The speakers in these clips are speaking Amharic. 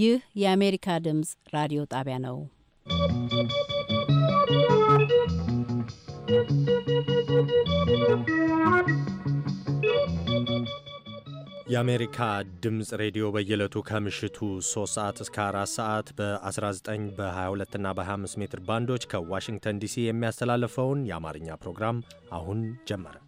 ይህ የአሜሪካ ድምፅ ራዲዮ ጣቢያ ነው። የአሜሪካ ድምፅ ሬዲዮ በየዕለቱ ከምሽቱ 3 ሰዓት እስከ 4 ሰዓት በ19 በ22 እና በ25 ሜትር ባንዶች ከዋሽንግተን ዲሲ የሚያስተላልፈውን የአማርኛ ፕሮግራም አሁን ጀመረ።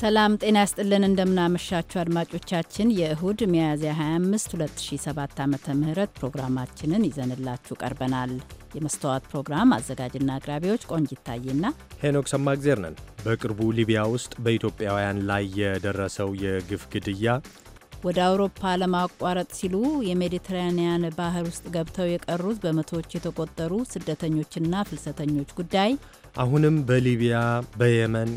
ሰላም ጤና ያስጥልን። እንደምናመሻችሁ አድማጮቻችን የእሁድ ሚያዝያ 25 2007 ዓ ም ፕሮግራማችንን ይዘንላችሁ ቀርበናል። የመስተዋት ፕሮግራም አዘጋጅና አቅራቢዎች ቆንጅ ይታይና ሄኖክ ሰማግዜር ነን። በቅርቡ ሊቢያ ውስጥ በኢትዮጵያውያን ላይ የደረሰው የግፍ ግድያ ወደ አውሮፓ ለማቋረጥ ሲሉ የሜዲትራኒያን ባህር ውስጥ ገብተው የቀሩት በመቶዎች የተቆጠሩ ስደተኞችና ፍልሰተኞች ጉዳይ አሁንም በሊቢያ፣ በየመን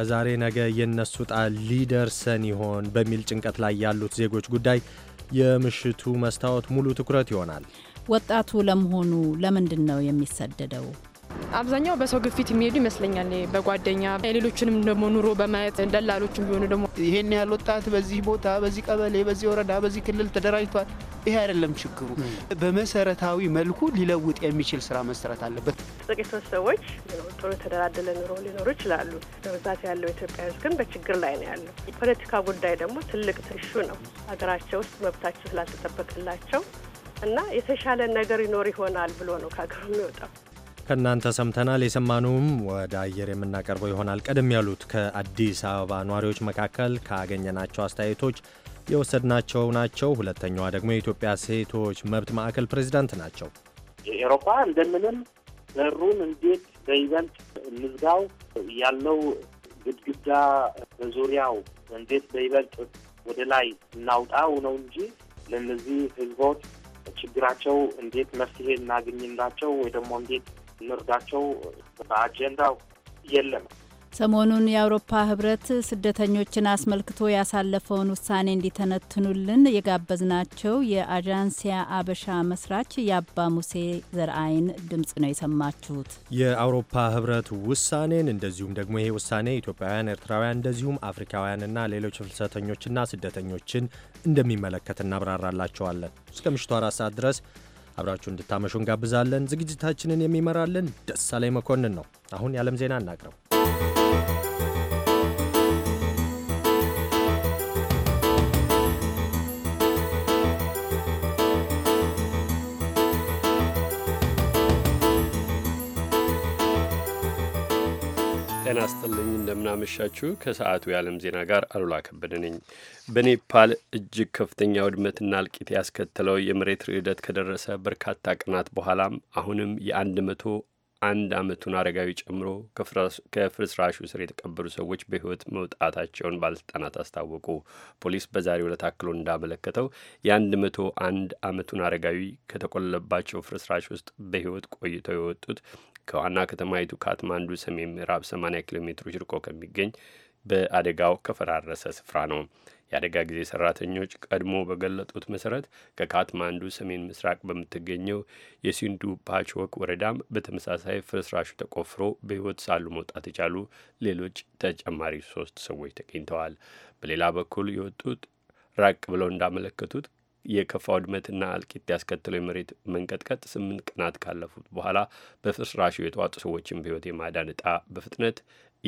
ከዛሬ ነገ የነሱ ጣ ሊደርሰን ይሆን በሚል ጭንቀት ላይ ያሉት ዜጎች ጉዳይ የምሽቱ መስታወት ሙሉ ትኩረት ይሆናል። ወጣቱ ለመሆኑ ለምንድን ነው የሚሰደደው? አብዛኛው በሰው ግፊት የሚሄዱ ይመስለኛል። በጓደኛ የሌሎችንም ደግሞ ኑሮ በማየት ደላሎችም ቢሆኑ ደግሞ ይሄን ያህል ወጣት በዚህ ቦታ፣ በዚህ ቀበሌ፣ በዚህ ወረዳ፣ በዚህ ክልል ተደራጅቷል። ይሄ አይደለም ችግሩ። በመሰረታዊ መልኩ ሊለውጥ የሚችል ስራ መሰረት አለበት። ጥቂቶች ሰዎች ጥሩ የተደላደለ ኑሮ ሊኖሩ ይችላሉ። በብዛት ያለው ኢትዮጵያ ሕዝብ ግን በችግር ላይ ነው ያለው። የፖለቲካ ጉዳይ ደግሞ ትልቅ ትሹ ነው። ሀገራቸው ውስጥ መብታቸው ስላልተጠበቅላቸው እና የተሻለ ነገር ይኖር ይሆናል ብሎ ነው ከሀገሩ የሚወጣው። ከእናንተ ሰምተናል። የሰማነውም ወደ አየር የምናቀርበው ይሆናል። ቀደም ያሉት ከአዲስ አበባ ነዋሪዎች መካከል ካገኘናቸው አስተያየቶች የወሰድናቸው ናቸው። ሁለተኛዋ ደግሞ የኢትዮጵያ ሴቶች መብት ማዕከል ፕሬዚዳንት ናቸው። ኤሮፓ እንደምንም በሩን እንዴት በይበልጥ እንዝጋው ያለው ግድግዳ በዙሪያው እንዴት በይበልጥ ወደ ላይ እናውጣው ነው እንጂ ለእነዚህ ህዝቦች ችግራቸው እንዴት መፍትሄ እናገኝላቸው ወይ ደግሞ እንዴት ልርዳቸው በአጀንዳው የለም። ሰሞኑን የአውሮፓ ህብረት ስደተኞችን አስመልክቶ ያሳለፈውን ውሳኔ እንዲተነትኑልን የጋበዝናቸው የአዣንሲያ አበሻ መስራች የአባ ሙሴ ዘርአይን ድምጽ ነው የሰማችሁት። የአውሮፓ ህብረት ውሳኔን እንደዚሁም ደግሞ ይሄ ውሳኔ ኢትዮጵያውያን፣ ኤርትራውያን እንደዚሁም አፍሪካውያንና ሌሎች ፍልሰተኞችና ስደተኞችን እንደሚመለከት እናብራራላቸዋለን። እስከ ምሽቱ አራት ሰዓት ድረስ አብራችሁ እንድታመሹ እንጋብዛለን። ዝግጅታችንን የሚመራልን ደሳላይ መኮንን ነው። አሁን የዓለም ዜና እናቅረው። ጤና ስጥልኝ። እንደምናመሻችሁ። ከሰዓቱ የዓለም ዜና ጋር አሉላ ከበደ ነኝ። በኔፓል እጅግ ከፍተኛ ውድመትና እልቂት ያስከተለው የመሬት ርዕደት ከደረሰ በርካታ ቀናት በኋላም አሁንም የአንድ መቶ አንድ ዓመቱን አረጋዊ ጨምሮ ከፍርስራሹ ስር የተቀበሩ ሰዎች በሕይወት መውጣታቸውን ባለሥልጣናት አስታወቁ። ፖሊስ በዛሬ ዕለት አክሎ እንዳመለከተው የአንድ መቶ አንድ ዓመቱን አረጋዊ ከተቆለባቸው ፍርስራሽ ውስጥ በሕይወት ቆይተው የወጡት ከዋና ከተማይቱ ካትማንዱ ሰሜን ምዕራብ 80 ኪሎ ሜትሮች ርቆ ከሚገኝ በአደጋው ከፈራረሰ ስፍራ ነው። የአደጋ ጊዜ ሰራተኞች ቀድሞ በገለጡት መሰረት ከካትማንዱ ሰሜን ምስራቅ በምትገኘው የሲንዱ ፓችወክ ወረዳም በተመሳሳይ ፍርስራሹ ተቆፍሮ በሕይወት ሳሉ መውጣት የቻሉ ሌሎች ተጨማሪ ሶስት ሰዎች ተገኝተዋል። በሌላ በኩል የወጡት ራቅ ብለው እንዳመለከቱት የከፋ ውድመትና አልቂት ያስከተለው የመሬት መንቀጥቀጥ ስምንት ቀናት ካለፉት በኋላ በፍርስራሹ የተዋጡ ሰዎችን በሕይወት የማዳን ዕጣ በፍጥነት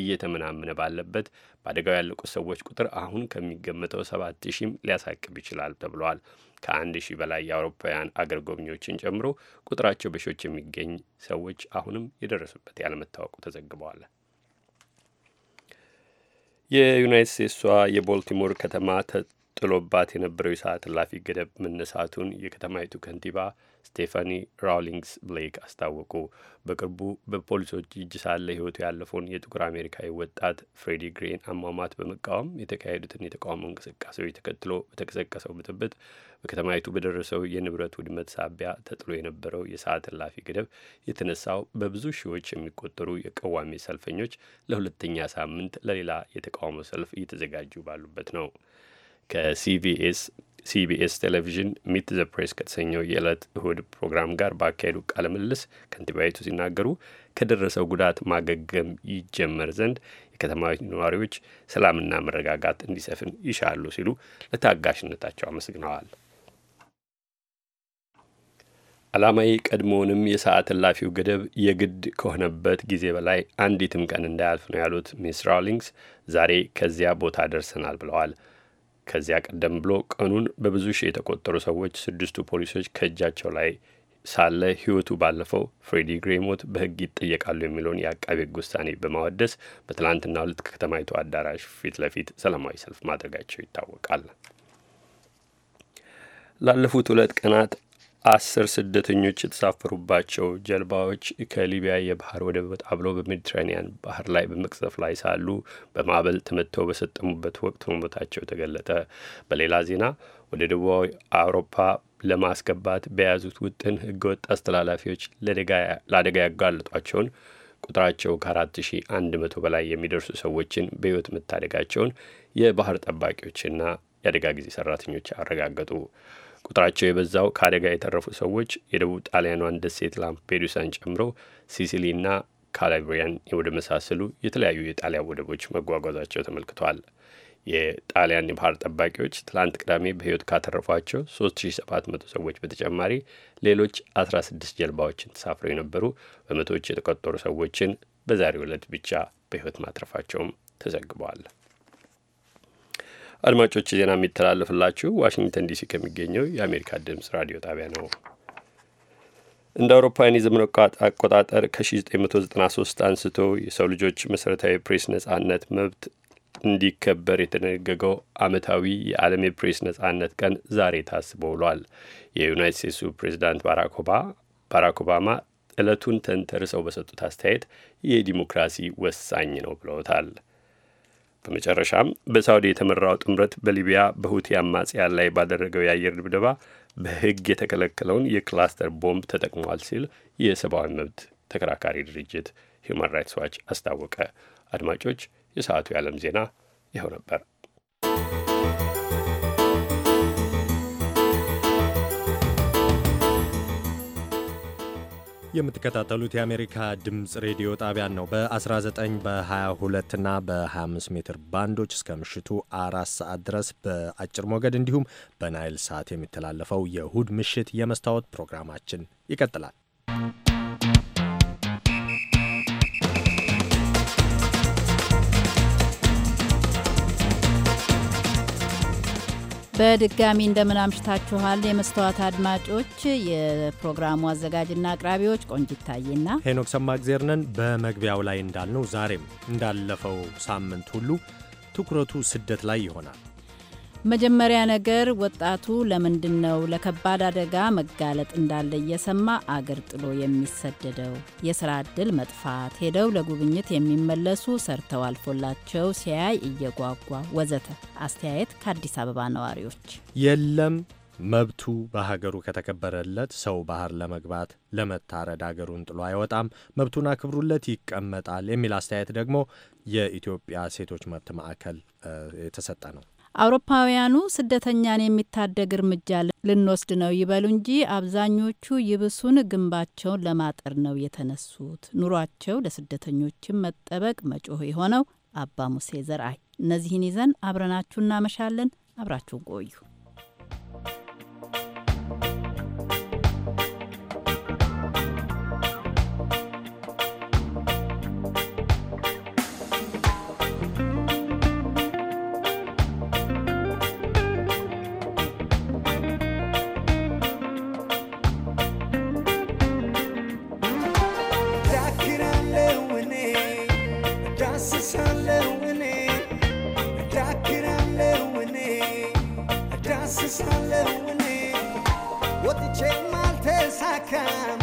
እየተመናመነ ባለበት በአደጋው ያለቁት ሰዎች ቁጥር አሁን ከሚገመተው ሰባት ሺህም ሊያሳቅብ ይችላል ተብሏል። ከአንድ ሺህ በላይ የአውሮፓውያን አገር ጎብኚዎችን ጨምሮ ቁጥራቸው በሺዎች የሚገኝ ሰዎች አሁንም የደረሱበት ያለመታወቁ ተዘግበዋል። የዩናይት ስቴትሷ የቦልቲሞር ከተማ ጥሎባት የነበረው የሰዓት እላፊ ገደብ መነሳቱን የከተማይቱ ከንቲባ ስቴፋኒ ራውሊንግስ ብሌክ አስታወቁ። በቅርቡ በፖሊሶች እጅ ሳለ ሕይወቱ ያለፈውን የጥቁር አሜሪካዊ ወጣት ፍሬዲ ግሬን አሟሟት በመቃወም የተካሄዱትን የተቃውሞ እንቅስቃሴዎች ተከትሎ በተቀሰቀሰው ብጥብጥ በከተማይቱ በደረሰው የንብረት ውድመት ሳቢያ ተጥሎ የነበረው የሰዓት እላፊ ገደብ የተነሳው በብዙ ሺዎች የሚቆጠሩ የቀዋሚ ሰልፈኞች ለሁለተኛ ሳምንት ለሌላ የተቃውሞ ሰልፍ እየተዘጋጁ ባሉበት ነው። ከሲቢኤስ ሲቢኤስ ቴሌቪዥን ሚት ዘ ፕሬስ ከተሰኘው የዕለት እሁድ ፕሮግራም ጋር ባካሄዱ ቃለ ምልልስ ከንቲባይቱ ሲናገሩ ከደረሰው ጉዳት ማገገም ይጀመር ዘንድ የከተማዊ ነዋሪዎች ሰላምና መረጋጋት እንዲሰፍን ይሻሉ ሲሉ ለታጋሽነታቸው አመስግነዋል። ዓላማዬ ቀድሞውንም የሰዓት እላፊው ገደብ የግድ ከሆነበት ጊዜ በላይ አንዲትም ቀን እንዳያልፍ ነው ያሉት ሚስ ራውሊንግስ ዛሬ ከዚያ ቦታ ደርሰናል ብለዋል። ከዚያ ቀደም ብሎ ቀኑን በብዙ ሺህ የተቆጠሩ ሰዎች ስድስቱ ፖሊሶች ከእጃቸው ላይ ሳለ ህይወቱ ባለፈው ፍሬዲ ግሬ ሞት ይጠየቃሉ የሚለውን የአቃቤ ህግ ውሳኔ በማወደስ በትላንትና ሁለት ከከተማይቱ አዳራሽ ፊት ለፊት ሰላማዊ ሰልፍ ማድረጋቸው ይታወቃል። ላለፉት ሁለት ቀናት አስር ስደተኞች የተሳፈሩባቸው ጀልባዎች ከሊቢያ የባህር ወደብ ወጣ ብሎ በሜዲትራኒያን ባህር ላይ በመቅዘፍ ላይ ሳሉ በማዕበል ተመተው በሰጠሙበት ወቅት መሞታቸው ተገለጠ። በሌላ ዜና ወደ ደቡባዊ አውሮፓ ለማስገባት በያዙት ውጥን ህገወጥ አስተላላፊዎች ለአደጋ ያጋለጧቸውን ቁጥራቸው ከ4100 በላይ የሚደርሱ ሰዎችን በሕይወት መታደጋቸውን የባህር ጠባቂዎችና የአደጋ ጊዜ ሰራተኞች አረጋገጡ። ቁጥራቸው የበዛው ከአደጋ የተረፉ ሰዎች የደቡብ ጣሊያኗን ደሴት ላምፔዱሳን ጨምሮ ሲሲሊና ካላብሪያን ወደ መሳሰሉ የተለያዩ የጣሊያን ወደቦች መጓጓዛቸው ተመልክተዋል። የጣሊያን የባህር ጠባቂዎች ትላንት ቅዳሜ በሕይወት ካተረፏቸው 3700 ሰዎች በተጨማሪ ሌሎች 16 ጀልባዎችን ተሳፍረው የነበሩ በመቶዎች የተቆጠሩ ሰዎችን በዛሬው ዕለት ብቻ በሕይወት ማትረፋቸውም ተዘግበዋል። አድማጮች ዜና የሚተላለፍላችሁ ዋሽንግተን ዲሲ ከሚገኘው የአሜሪካ ድምፅ ራዲዮ ጣቢያ ነው። እንደ አውሮፓውያን የዘመን አቆጣጠር ከ1993 አንስቶ የሰው ልጆች መሠረታዊ ፕሬስ ነጻነት መብት እንዲከበር የተደነገገው ዓመታዊ የዓለም የፕሬስ ነጻነት ቀን ዛሬ ታስቦ ውሏል። የዩናይት ስቴትሱ ፕሬዚዳንት ባራክ ኦባማ ዕለቱን ተንተርሰው በሰጡት አስተያየት የዲሞክራሲ ወሳኝ ነው ብለውታል። በመጨረሻም በሳውዲ የተመራው ጥምረት በሊቢያ በሁቲ አማጽያን ላይ ባደረገው የአየር ድብደባ በሕግ የተከለከለውን የክላስተር ቦምብ ተጠቅሟል ሲል የሰብአዊ መብት ተከራካሪ ድርጅት ሂውማን ራይትስ ዋች አስታወቀ። አድማጮች፣ የሰዓቱ የዓለም ዜና ይኸው ነበር። የምትከታተሉት የአሜሪካ ድምፅ ሬዲዮ ጣቢያን ነው። በ19 በ22 እና በ25 ሜትር ባንዶች እስከ ምሽቱ አራት ሰዓት ድረስ በአጭር ሞገድ እንዲሁም በናይል ሳት የሚተላለፈው የእሁድ ምሽት የመስታወት ፕሮግራማችን ይቀጥላል። በድጋሚ እንደምን አምሽታችኋል የመስተዋት አድማጮች። የፕሮግራሙ አዘጋጅና አቅራቢዎች ቆንጂት ታዬና ሄኖክ ሰማእግዜር ነን። በመግቢያው ላይ እንዳልነው ዛሬም እንዳለፈው ሳምንት ሁሉ ትኩረቱ ስደት ላይ ይሆናል። መጀመሪያ ነገር ወጣቱ ለምንድን ነው ለከባድ አደጋ መጋለጥ እንዳለ እየሰማ አገር ጥሎ የሚሰደደው? የስራ ዕድል መጥፋት፣ ሄደው ለጉብኝት የሚመለሱ ሰርተው አልፎላቸው ሲያይ እየጓጓ ወዘተ። አስተያየት ከአዲስ አበባ ነዋሪዎች የለም መብቱ በሀገሩ ከተከበረለት ሰው ባህር ለመግባት ለመታረድ አገሩን ጥሎ አይወጣም፣ መብቱን አክብሩለት ይቀመጣል የሚል አስተያየት ደግሞ የኢትዮጵያ ሴቶች መብት ማዕከል የተሰጠ ነው። አውሮፓውያኑ ስደተኛን የሚታደግ እርምጃ ልንወስድ ነው ይበሉ እንጂ አብዛኞቹ ይብሱን ግንባቸውን ለማጠር ነው የተነሱት። ኑሯቸው ለስደተኞችም መጠበቅ መጮህ የሆነው አባ ሙሴ ዘርአይ። እነዚህን ይዘን አብረናችሁ እናመሻለን። አብራችሁን ቆዩ። አልነካም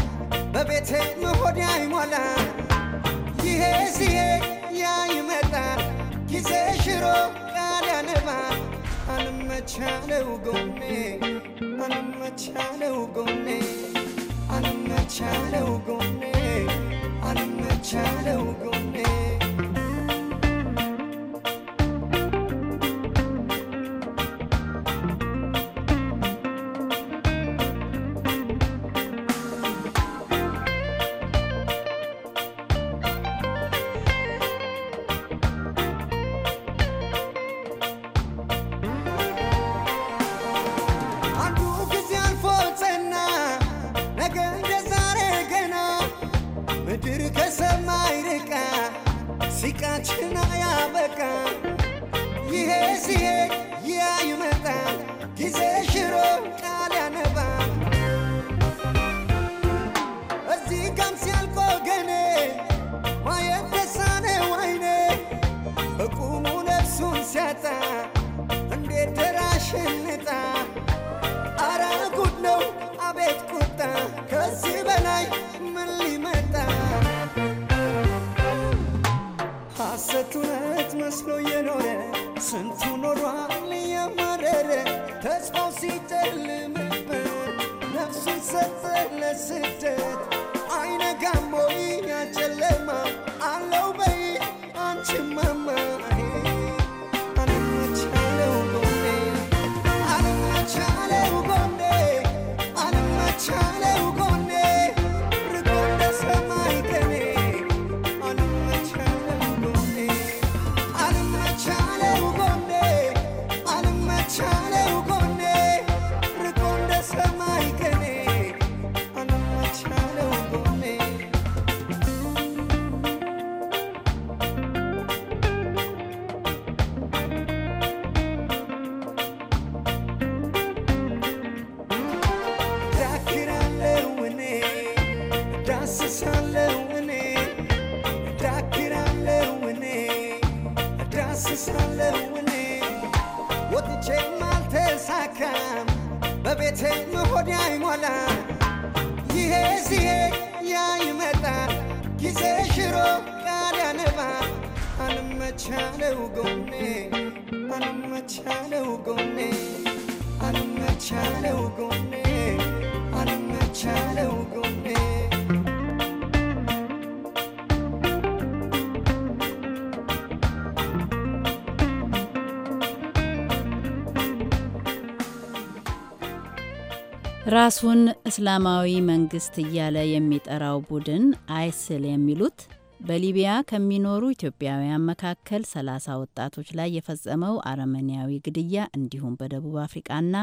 በቤቴ መሆድ አይሞላ ይሄ ሲሄድ ያይመጣ ጊዜ ሽሮ ያለንባ አንመቻለው ጎኔ አንመቻለው ጎኔ አንመቻለው ጎኔ አንመቻለው ጎኔ ራሱን እስላማዊ መንግስት እያለ የሚጠራው ቡድን አይስል የሚሉት በሊቢያ ከሚኖሩ ኢትዮጵያውያን መካከል 30 ወጣቶች ላይ የፈጸመው አረመኔያዊ ግድያ እንዲሁም በደቡብ አፍሪቃና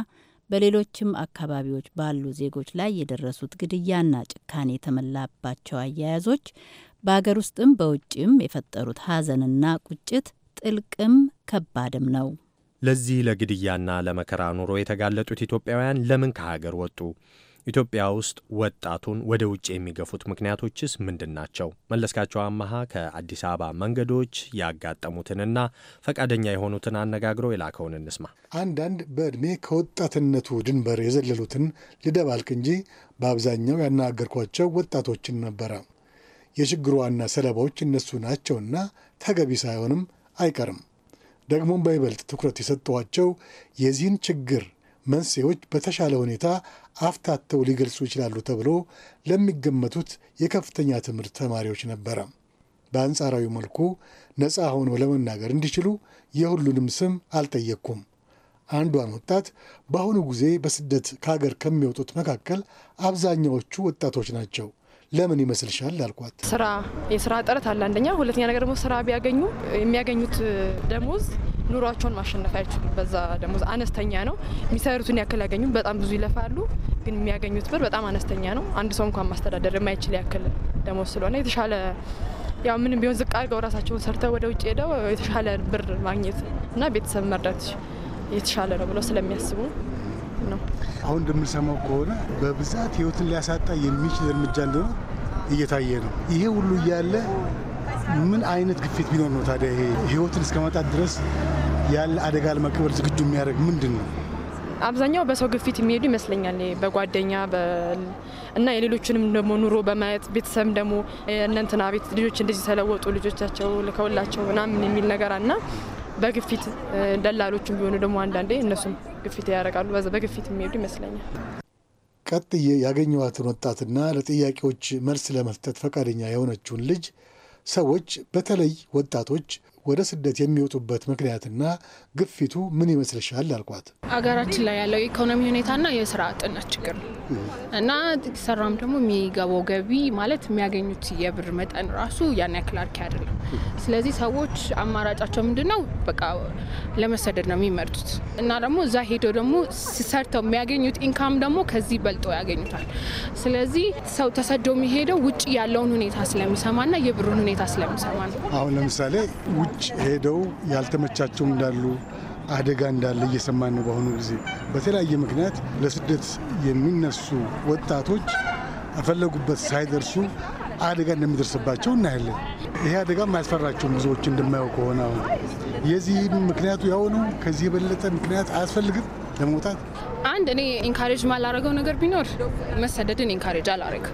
በሌሎችም አካባቢዎች ባሉ ዜጎች ላይ የደረሱት ግድያና ጭካኔ የተመላባቸው አያያዞች በአገር ውስጥም በውጭም የፈጠሩት ሀዘንና ቁጭት ጥልቅም ከባድም ነው። ለዚህ ለግድያና ለመከራ ኑሮ የተጋለጡት ኢትዮጵያውያን ለምን ከሀገር ወጡ? ኢትዮጵያ ውስጥ ወጣቱን ወደ ውጭ የሚገፉት ምክንያቶችስ ምንድን ናቸው? መለስካቸው አመሃ ከአዲስ አበባ መንገዶች ያጋጠሙትንና ፈቃደኛ የሆኑትን አነጋግሮ የላከውን እንስማ። አንዳንድ በዕድሜ ከወጣትነቱ ድንበር የዘለሉትን ልደባልክ እንጂ በአብዛኛው ያናገርኳቸው ወጣቶችን ነበረ። የችግሩ ዋና ሰለባዎች እነሱ ናቸውና ተገቢ ሳይሆንም አይቀርም። ደግሞም በይበልጥ ትኩረት የሰጠዋቸው የዚህን ችግር መንስኤዎች በተሻለ ሁኔታ አፍታተው ሊገልጹ ይችላሉ ተብሎ ለሚገመቱት የከፍተኛ ትምህርት ተማሪዎች ነበረ። በአንጻራዊ መልኩ ነፃ ሆነው ለመናገር እንዲችሉ የሁሉንም ስም አልጠየቅኩም። አንዷን ወጣት በአሁኑ ጊዜ በስደት ከሀገር ከሚወጡት መካከል አብዛኛዎቹ ወጣቶች ናቸው። ለምን ይመስልሻል አልኳት። ስራ የስራ ጥረት አለ አንደኛ፣ ሁለተኛ ነገር ደግሞ ስራ ቢያገኙ የሚያገኙት ደሞዝ ኑሯቸውን ማሸነፍ አይችሉም። በዛ ደሞዝ አነስተኛ ነው። የሚሰሩትን ያክል ያገኙ በጣም ብዙ ይለፋሉ፣ ግን የሚያገኙት ብር በጣም አነስተኛ ነው። አንድ ሰው እንኳን ማስተዳደር የማይችል ያክል ደሞዝ ስለሆነ የተሻለ ያው ምንም ቢሆን ዝቅ አድርገው ራሳቸውን ሰርተው ወደ ውጭ ሄደው የተሻለ ብር ማግኘት እና ቤተሰብ መርዳት የተሻለ ነው ብለው ስለሚያስቡ ነው። አሁን እንደምንሰማው ከሆነ በብዛት ህይወትን ሊያሳጣ የሚችል እርምጃ እንደሆነ እየታየ ነው። ይሄ ሁሉ እያለ ምን አይነት ግፊት ቢኖር ነው ታዲያ ይሄ ህይወትን እስከመጣት ድረስ ያለ አደጋ ለመቀበል ዝግጁ የሚያደርግ ምንድን ነው? አብዛኛው በሰው ግፊት የሚሄዱ ይመስለኛል። በጓደኛ እና የሌሎችንም ደግሞ ኑሮ በማየት ቤተሰብ ደግሞ እነንትና ቤት ልጆች እንደዚህ ተለወጡ ልጆቻቸው ልከውላቸው ምናምን የሚል ነገር እና በግፊት ደላሎችም ቢሆኑ ደግሞ አንዳንዴ እነሱም ግፊት ያደርጋሉ። በዛ በግፊት የሚሄዱ ይመስለኛል። ቀጥዬ ያገኘዋትን ወጣትና ለጥያቄዎች መልስ ለመስጠት ፈቃደኛ የሆነችውን ልጅ ሰዎች በተለይ ወጣቶች ወደ ስደት የሚወጡበት ምክንያትና ግፊቱ ምን ይመስልሻል? አልኳት። አገራችን ላይ ያለው የኢኮኖሚ ሁኔታና የስራ አጥነት ችግር ነው እና ሰራም ደግሞ የሚገባው ገቢ ማለት የሚያገኙት የብር መጠን ራሱ ያን ያክል አርኪ አይደለም። ስለዚህ ሰዎች አማራጫቸው ምንድን ነው? በቃ ለመሰደድ ነው የሚመርጡት እና ደግሞ እዛ ሄደው ደግሞ ሰርተው የሚያገኙት ኢንካም ደግሞ ከዚህ በልጦ ያገኙታል። ስለዚህ ሰው ተሰደው የሚሄደው ውጭ ያለውን ሁኔታ ስለሚሰማና የብሩን ሁኔታ ስለሚሰማ ነው። አሁን ለምሳሌ ሰዎች ሄደው ያልተመቻቸው እንዳሉ አደጋ እንዳለ እየሰማን ነው። በአሁኑ ጊዜ በተለያየ ምክንያት ለስደት የሚነሱ ወጣቶች ፈለጉበት ሳይደርሱ አደጋ እንደሚደርስባቸው እናያለን። ይሄ አደጋ አያስፈራቸውም። ብዙዎች እንደማየው ከሆነ አሁን የዚህ ምክንያቱ ያው ነው። ከዚህ የበለጠ ምክንያት አያስፈልግም ለመውጣት አንድ እኔ ኢንካሬጅ ማላረገው ነገር ቢኖር መሰደድን ኢንካሬጅ አላረግ።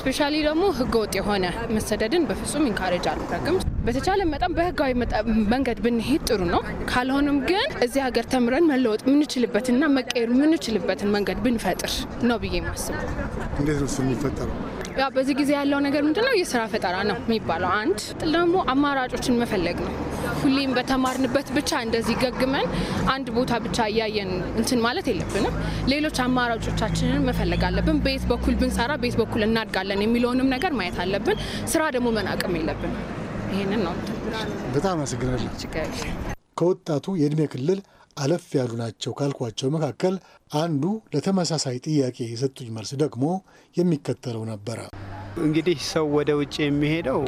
ስፔሻሊ ደግሞ ህገወጥ የሆነ መሰደድን በፍጹም ኢንካሬጅ አላረግም። በተቻለ መጠን በህጋዊ መንገድ ብንሄድ ጥሩ ነው። ካልሆንም ግን እዚህ ሀገር ተምረን መለወጥ የምንችልበትና መቀየር የምንችልበትን መንገድ ብንፈጥር ነው ብዬ ማስበው። እንዴት ነው የሚፈጠረው? በዚህ ጊዜ ያለው ነገር ምንድነው? የስራ ፈጠራ ነው የሚባለው። አንድ ደግሞ አማራጮችን መፈለግ ነው። ሁሌም በተማርንበት ብቻ እንደዚህ ገግመን አንድ ቦታ ብቻ እያየን እንትን ማለት የለብንም። ሌሎች አማራጮቻችንን መፈለግ አለብን። በየት በኩል ብንሰራ በየት በኩል እናድጋለን የሚለውንም ነገር ማየት አለብን። ስራ ደግሞ መናቅም የለብንም። ይህንን ነው። በጣም አመሰግናለሁ። ከወጣቱ የእድሜ ክልል አለፍ ያሉ ናቸው ካልኳቸው መካከል አንዱ ለተመሳሳይ ጥያቄ የሰጡኝ መልስ ደግሞ የሚከተለው ነበረ። እንግዲህ ሰው ወደ ውጭ የሚሄደው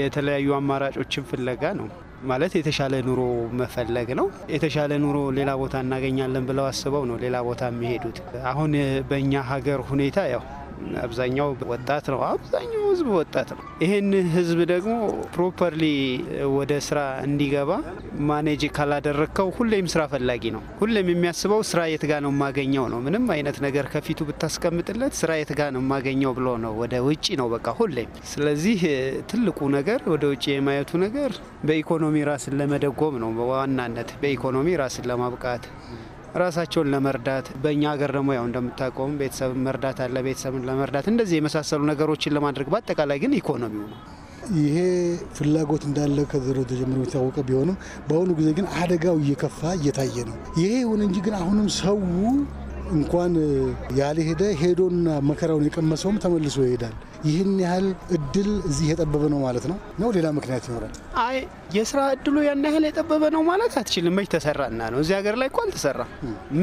የተለያዩ አማራጮችን ፍለጋ ነው። ማለት የተሻለ ኑሮ መፈለግ ነው። የተሻለ ኑሮ ሌላ ቦታ እናገኛለን ብለው አስበው ነው ሌላ ቦታ የሚሄዱት። አሁን በእኛ ሀገር ሁኔታ ያው አብዛኛው ወጣት ነው። አብዛኛው ህዝብ ወጣት ነው። ይህን ህዝብ ደግሞ ፕሮፐርሊ ወደ ስራ እንዲገባ ማኔጅ ካላደረግከው ሁሌም ስራ ፈላጊ ነው። ሁሌም የሚያስበው ስራ የት ነው የማገኘው ነው። ምንም አይነት ነገር ከፊቱ ብታስቀምጥለት ስራ የት ነው የማገኘው ብሎ ነው። ወደ ውጭ ነው በቃ ሁሌም። ስለዚህ ትልቁ ነገር ወደ ውጭ የማየቱ ነገር በኢኮኖሚ ራስን ለመደጎም ነው። በዋናነት በኢኮኖሚ ራስን ለማብቃት ራሳቸውን ለመርዳት በእኛ ሀገር ደግሞ ያው እንደምታውቀውም ቤተሰብ መርዳት አለ። ቤተሰብን ለመርዳት እንደዚህ የመሳሰሉ ነገሮችን ለማድረግ በአጠቃላይ ግን ኢኮኖሚው ነው። ይሄ ፍላጎት እንዳለ ከዘሮ ተጀምሮ የታወቀ ቢሆንም በአሁኑ ጊዜ ግን አደጋው እየከፋ እየታየ ነው። ይሄ ይሁን እንጂ ግን አሁንም ሰው እንኳን ያልሄደ ሄዶና መከራውን የቀመሰውም ተመልሶ ይሄዳል። ይህን ያህል እድል እዚህ የጠበበ ነው ማለት ነው ነው ሌላ ምክንያት ይኖራል? አይ የስራ እድሉ ያን ያህል የጠበበ ነው ማለት አትችልም። መች ተሰራና ነው? እዚህ ሀገር ላይ እኮ አልተሰራ።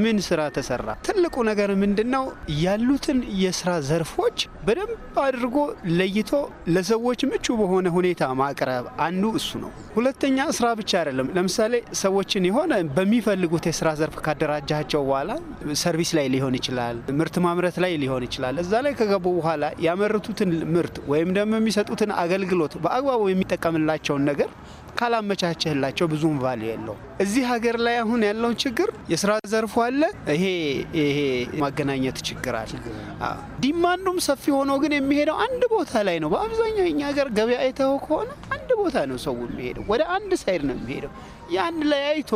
ምን ስራ ተሰራ? ትልቁ ነገር ምንድን ነው? ያሉትን የስራ ዘርፎች በደንብ አድርጎ ለይቶ ለሰዎች ምቹ በሆነ ሁኔታ ማቅረብ አንዱ እሱ ነው። ሁለተኛ ስራ ብቻ አይደለም። ለምሳሌ ሰዎችን የሆነ በሚፈልጉት የስራ ዘርፍ ካደራጃቸው በኋላ ሰርቪስ ላይ ሊሆን ይችላል፣ ምርት ማምረት ላይ ሊሆን ይችላል። እዛ ላይ ከገቡ በኋላ ያመረቱትን ምርት ወይም ደግሞ የሚሰጡትን አገልግሎት በአግባቡ የሚጠቀምላቸውን ነገር ካላመቻቸህላቸው ብዙም ቫሉ የለው። እዚህ ሀገር ላይ አሁን ያለውን ችግር የስራ ዘርፉ አለ፣ ይሄ ይሄ ማገናኘት ችግር አለ። ዲማንዱም ሰፊ ሆኖ ግን የሚሄደው አንድ ቦታ ላይ ነው። በአብዛኛው የኛ ሀገር ገበያ አይተው ከሆነ አንድ ቦታ ነው ሰው የሚሄደው፣ ወደ አንድ ሳይድ ነው የሚሄደው። ያን ላይ አይቶ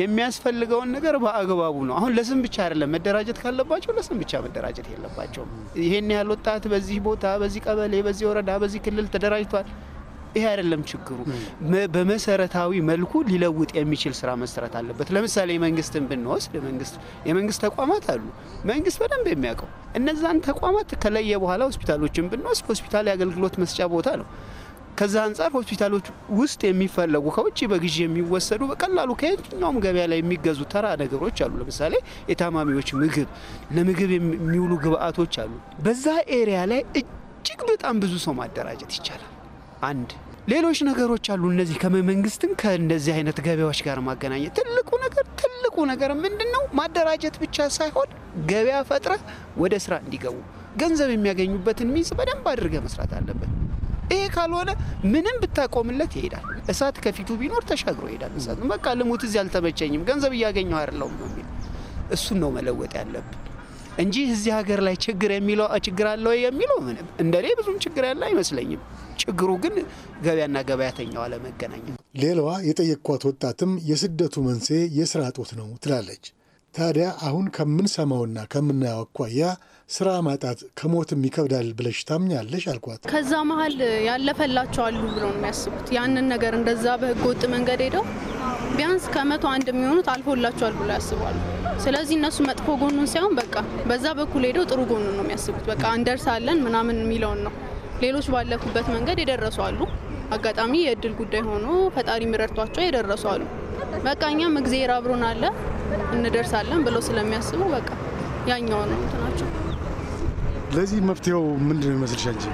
የሚያስፈልገውን ነገር በአግባቡ ነው። አሁን ለስም ብቻ አይደለም መደራጀት ካለባቸው ለስም ብቻ መደራጀት የለባቸውም። ይሄን ያህል ወጣት በዚህ ቦታ፣ በዚህ ቀበሌ፣ በዚህ ወረዳ፣ በዚህ ክልል ተደራጅቷል ይሄ አይደለም ችግሩ። በመሰረታዊ መልኩ ሊለውጥ የሚችል ስራ መስራት አለበት። ለምሳሌ መንግስትን ብንወስድ የመንግስት ተቋማት አሉ። መንግስት በደንብ የሚያውቀው እነዛን ተቋማት ከለየ በኋላ ሆስፒታሎችን ብንወስድ ሆስፒታል የአገልግሎት መስጫ ቦታ ነው። ከዛ አንጻር ሆስፒታሎች ውስጥ የሚፈለጉ ከውጭ በግዢ የሚወሰዱ በቀላሉ ከየትኛውም ገበያ ላይ የሚገዙ ተራ ነገሮች አሉ። ለምሳሌ የታማሚዎች ምግብ፣ ለምግብ የሚውሉ ግብአቶች አሉ። በዛ ኤሪያ ላይ እጅግ በጣም ብዙ ሰው ማደራጀት ይቻላል። አንድ ሌሎች ነገሮች አሉ። እነዚህ ከመንግስትም ከእንደዚህ አይነት ገበያዎች ጋር ማገናኘት ትልቁ ነገር ትልቁ ነገር ምንድን ነው? ማደራጀት ብቻ ሳይሆን ገበያ ፈጥረ ወደ ስራ እንዲገቡ ገንዘብ የሚያገኙበትን ሚንስ በደንብ አድርገ መስራት አለበት። ይሄ ካልሆነ ምንም ብታቆምለት ይሄዳል። እሳት ከፊቱ ቢኖር ተሻግሮ ይሄዳል። እሳት በቃ ልሙት፣ እዚህ አልተመቸኝም፣ ገንዘብ እያገኘው አይደለሁም ነው የሚል። እሱን ነው መለወጥ ያለብን እንጂ እዚህ ሀገር ላይ ችግር የሚለው ችግር አለ የሚለው ምንም እንደኔ ብዙም ችግር ያለ አይመስለኝም። ችግሩ ግን ገበያና ገበያተኛው አለመገናኘት። ሌላዋ የጠየቅኳት ወጣትም የስደቱ መንስኤ የስራ እጦት ነው ትላለች። ታዲያ አሁን ከምንሰማውና ከምናየው አኳያ ስራ ማጣት ከሞትም ይከብዳል ብለሽ ታምኛለሽ? አልኳት። ከዛ መሀል ያለፈላቸዋሉ ብለው የሚያስቡት ያንን ነገር እንደዛ በህገ ወጥ መንገድ ሄደው ቢያንስ ከመቶ አንድ የሚሆኑት አልፎላቸዋል ብሎ ያስባሉ። ስለዚህ እነሱ መጥፎ ጎኑን ሳይሆን በቃ በዛ በኩል ሄደው ጥሩ ጎኑን ነው የሚያስቡት። በቃ እንደርሳለን ምናምን የሚለውን ነው ሌሎች ባለፉበት መንገድ የደረሱ አሉ። አጋጣሚ የእድል ጉዳይ ሆኖ ፈጣሪ የሚረድቷቸው የደረሱ አሉ። በቃ እኛም እግዜር አብሮን አለ እንደርሳለን ብለው ስለሚያስቡ በቃ ያኛው ነው እንትናቸው። ለዚህ መፍትሄው ምንድን ነው እንጂ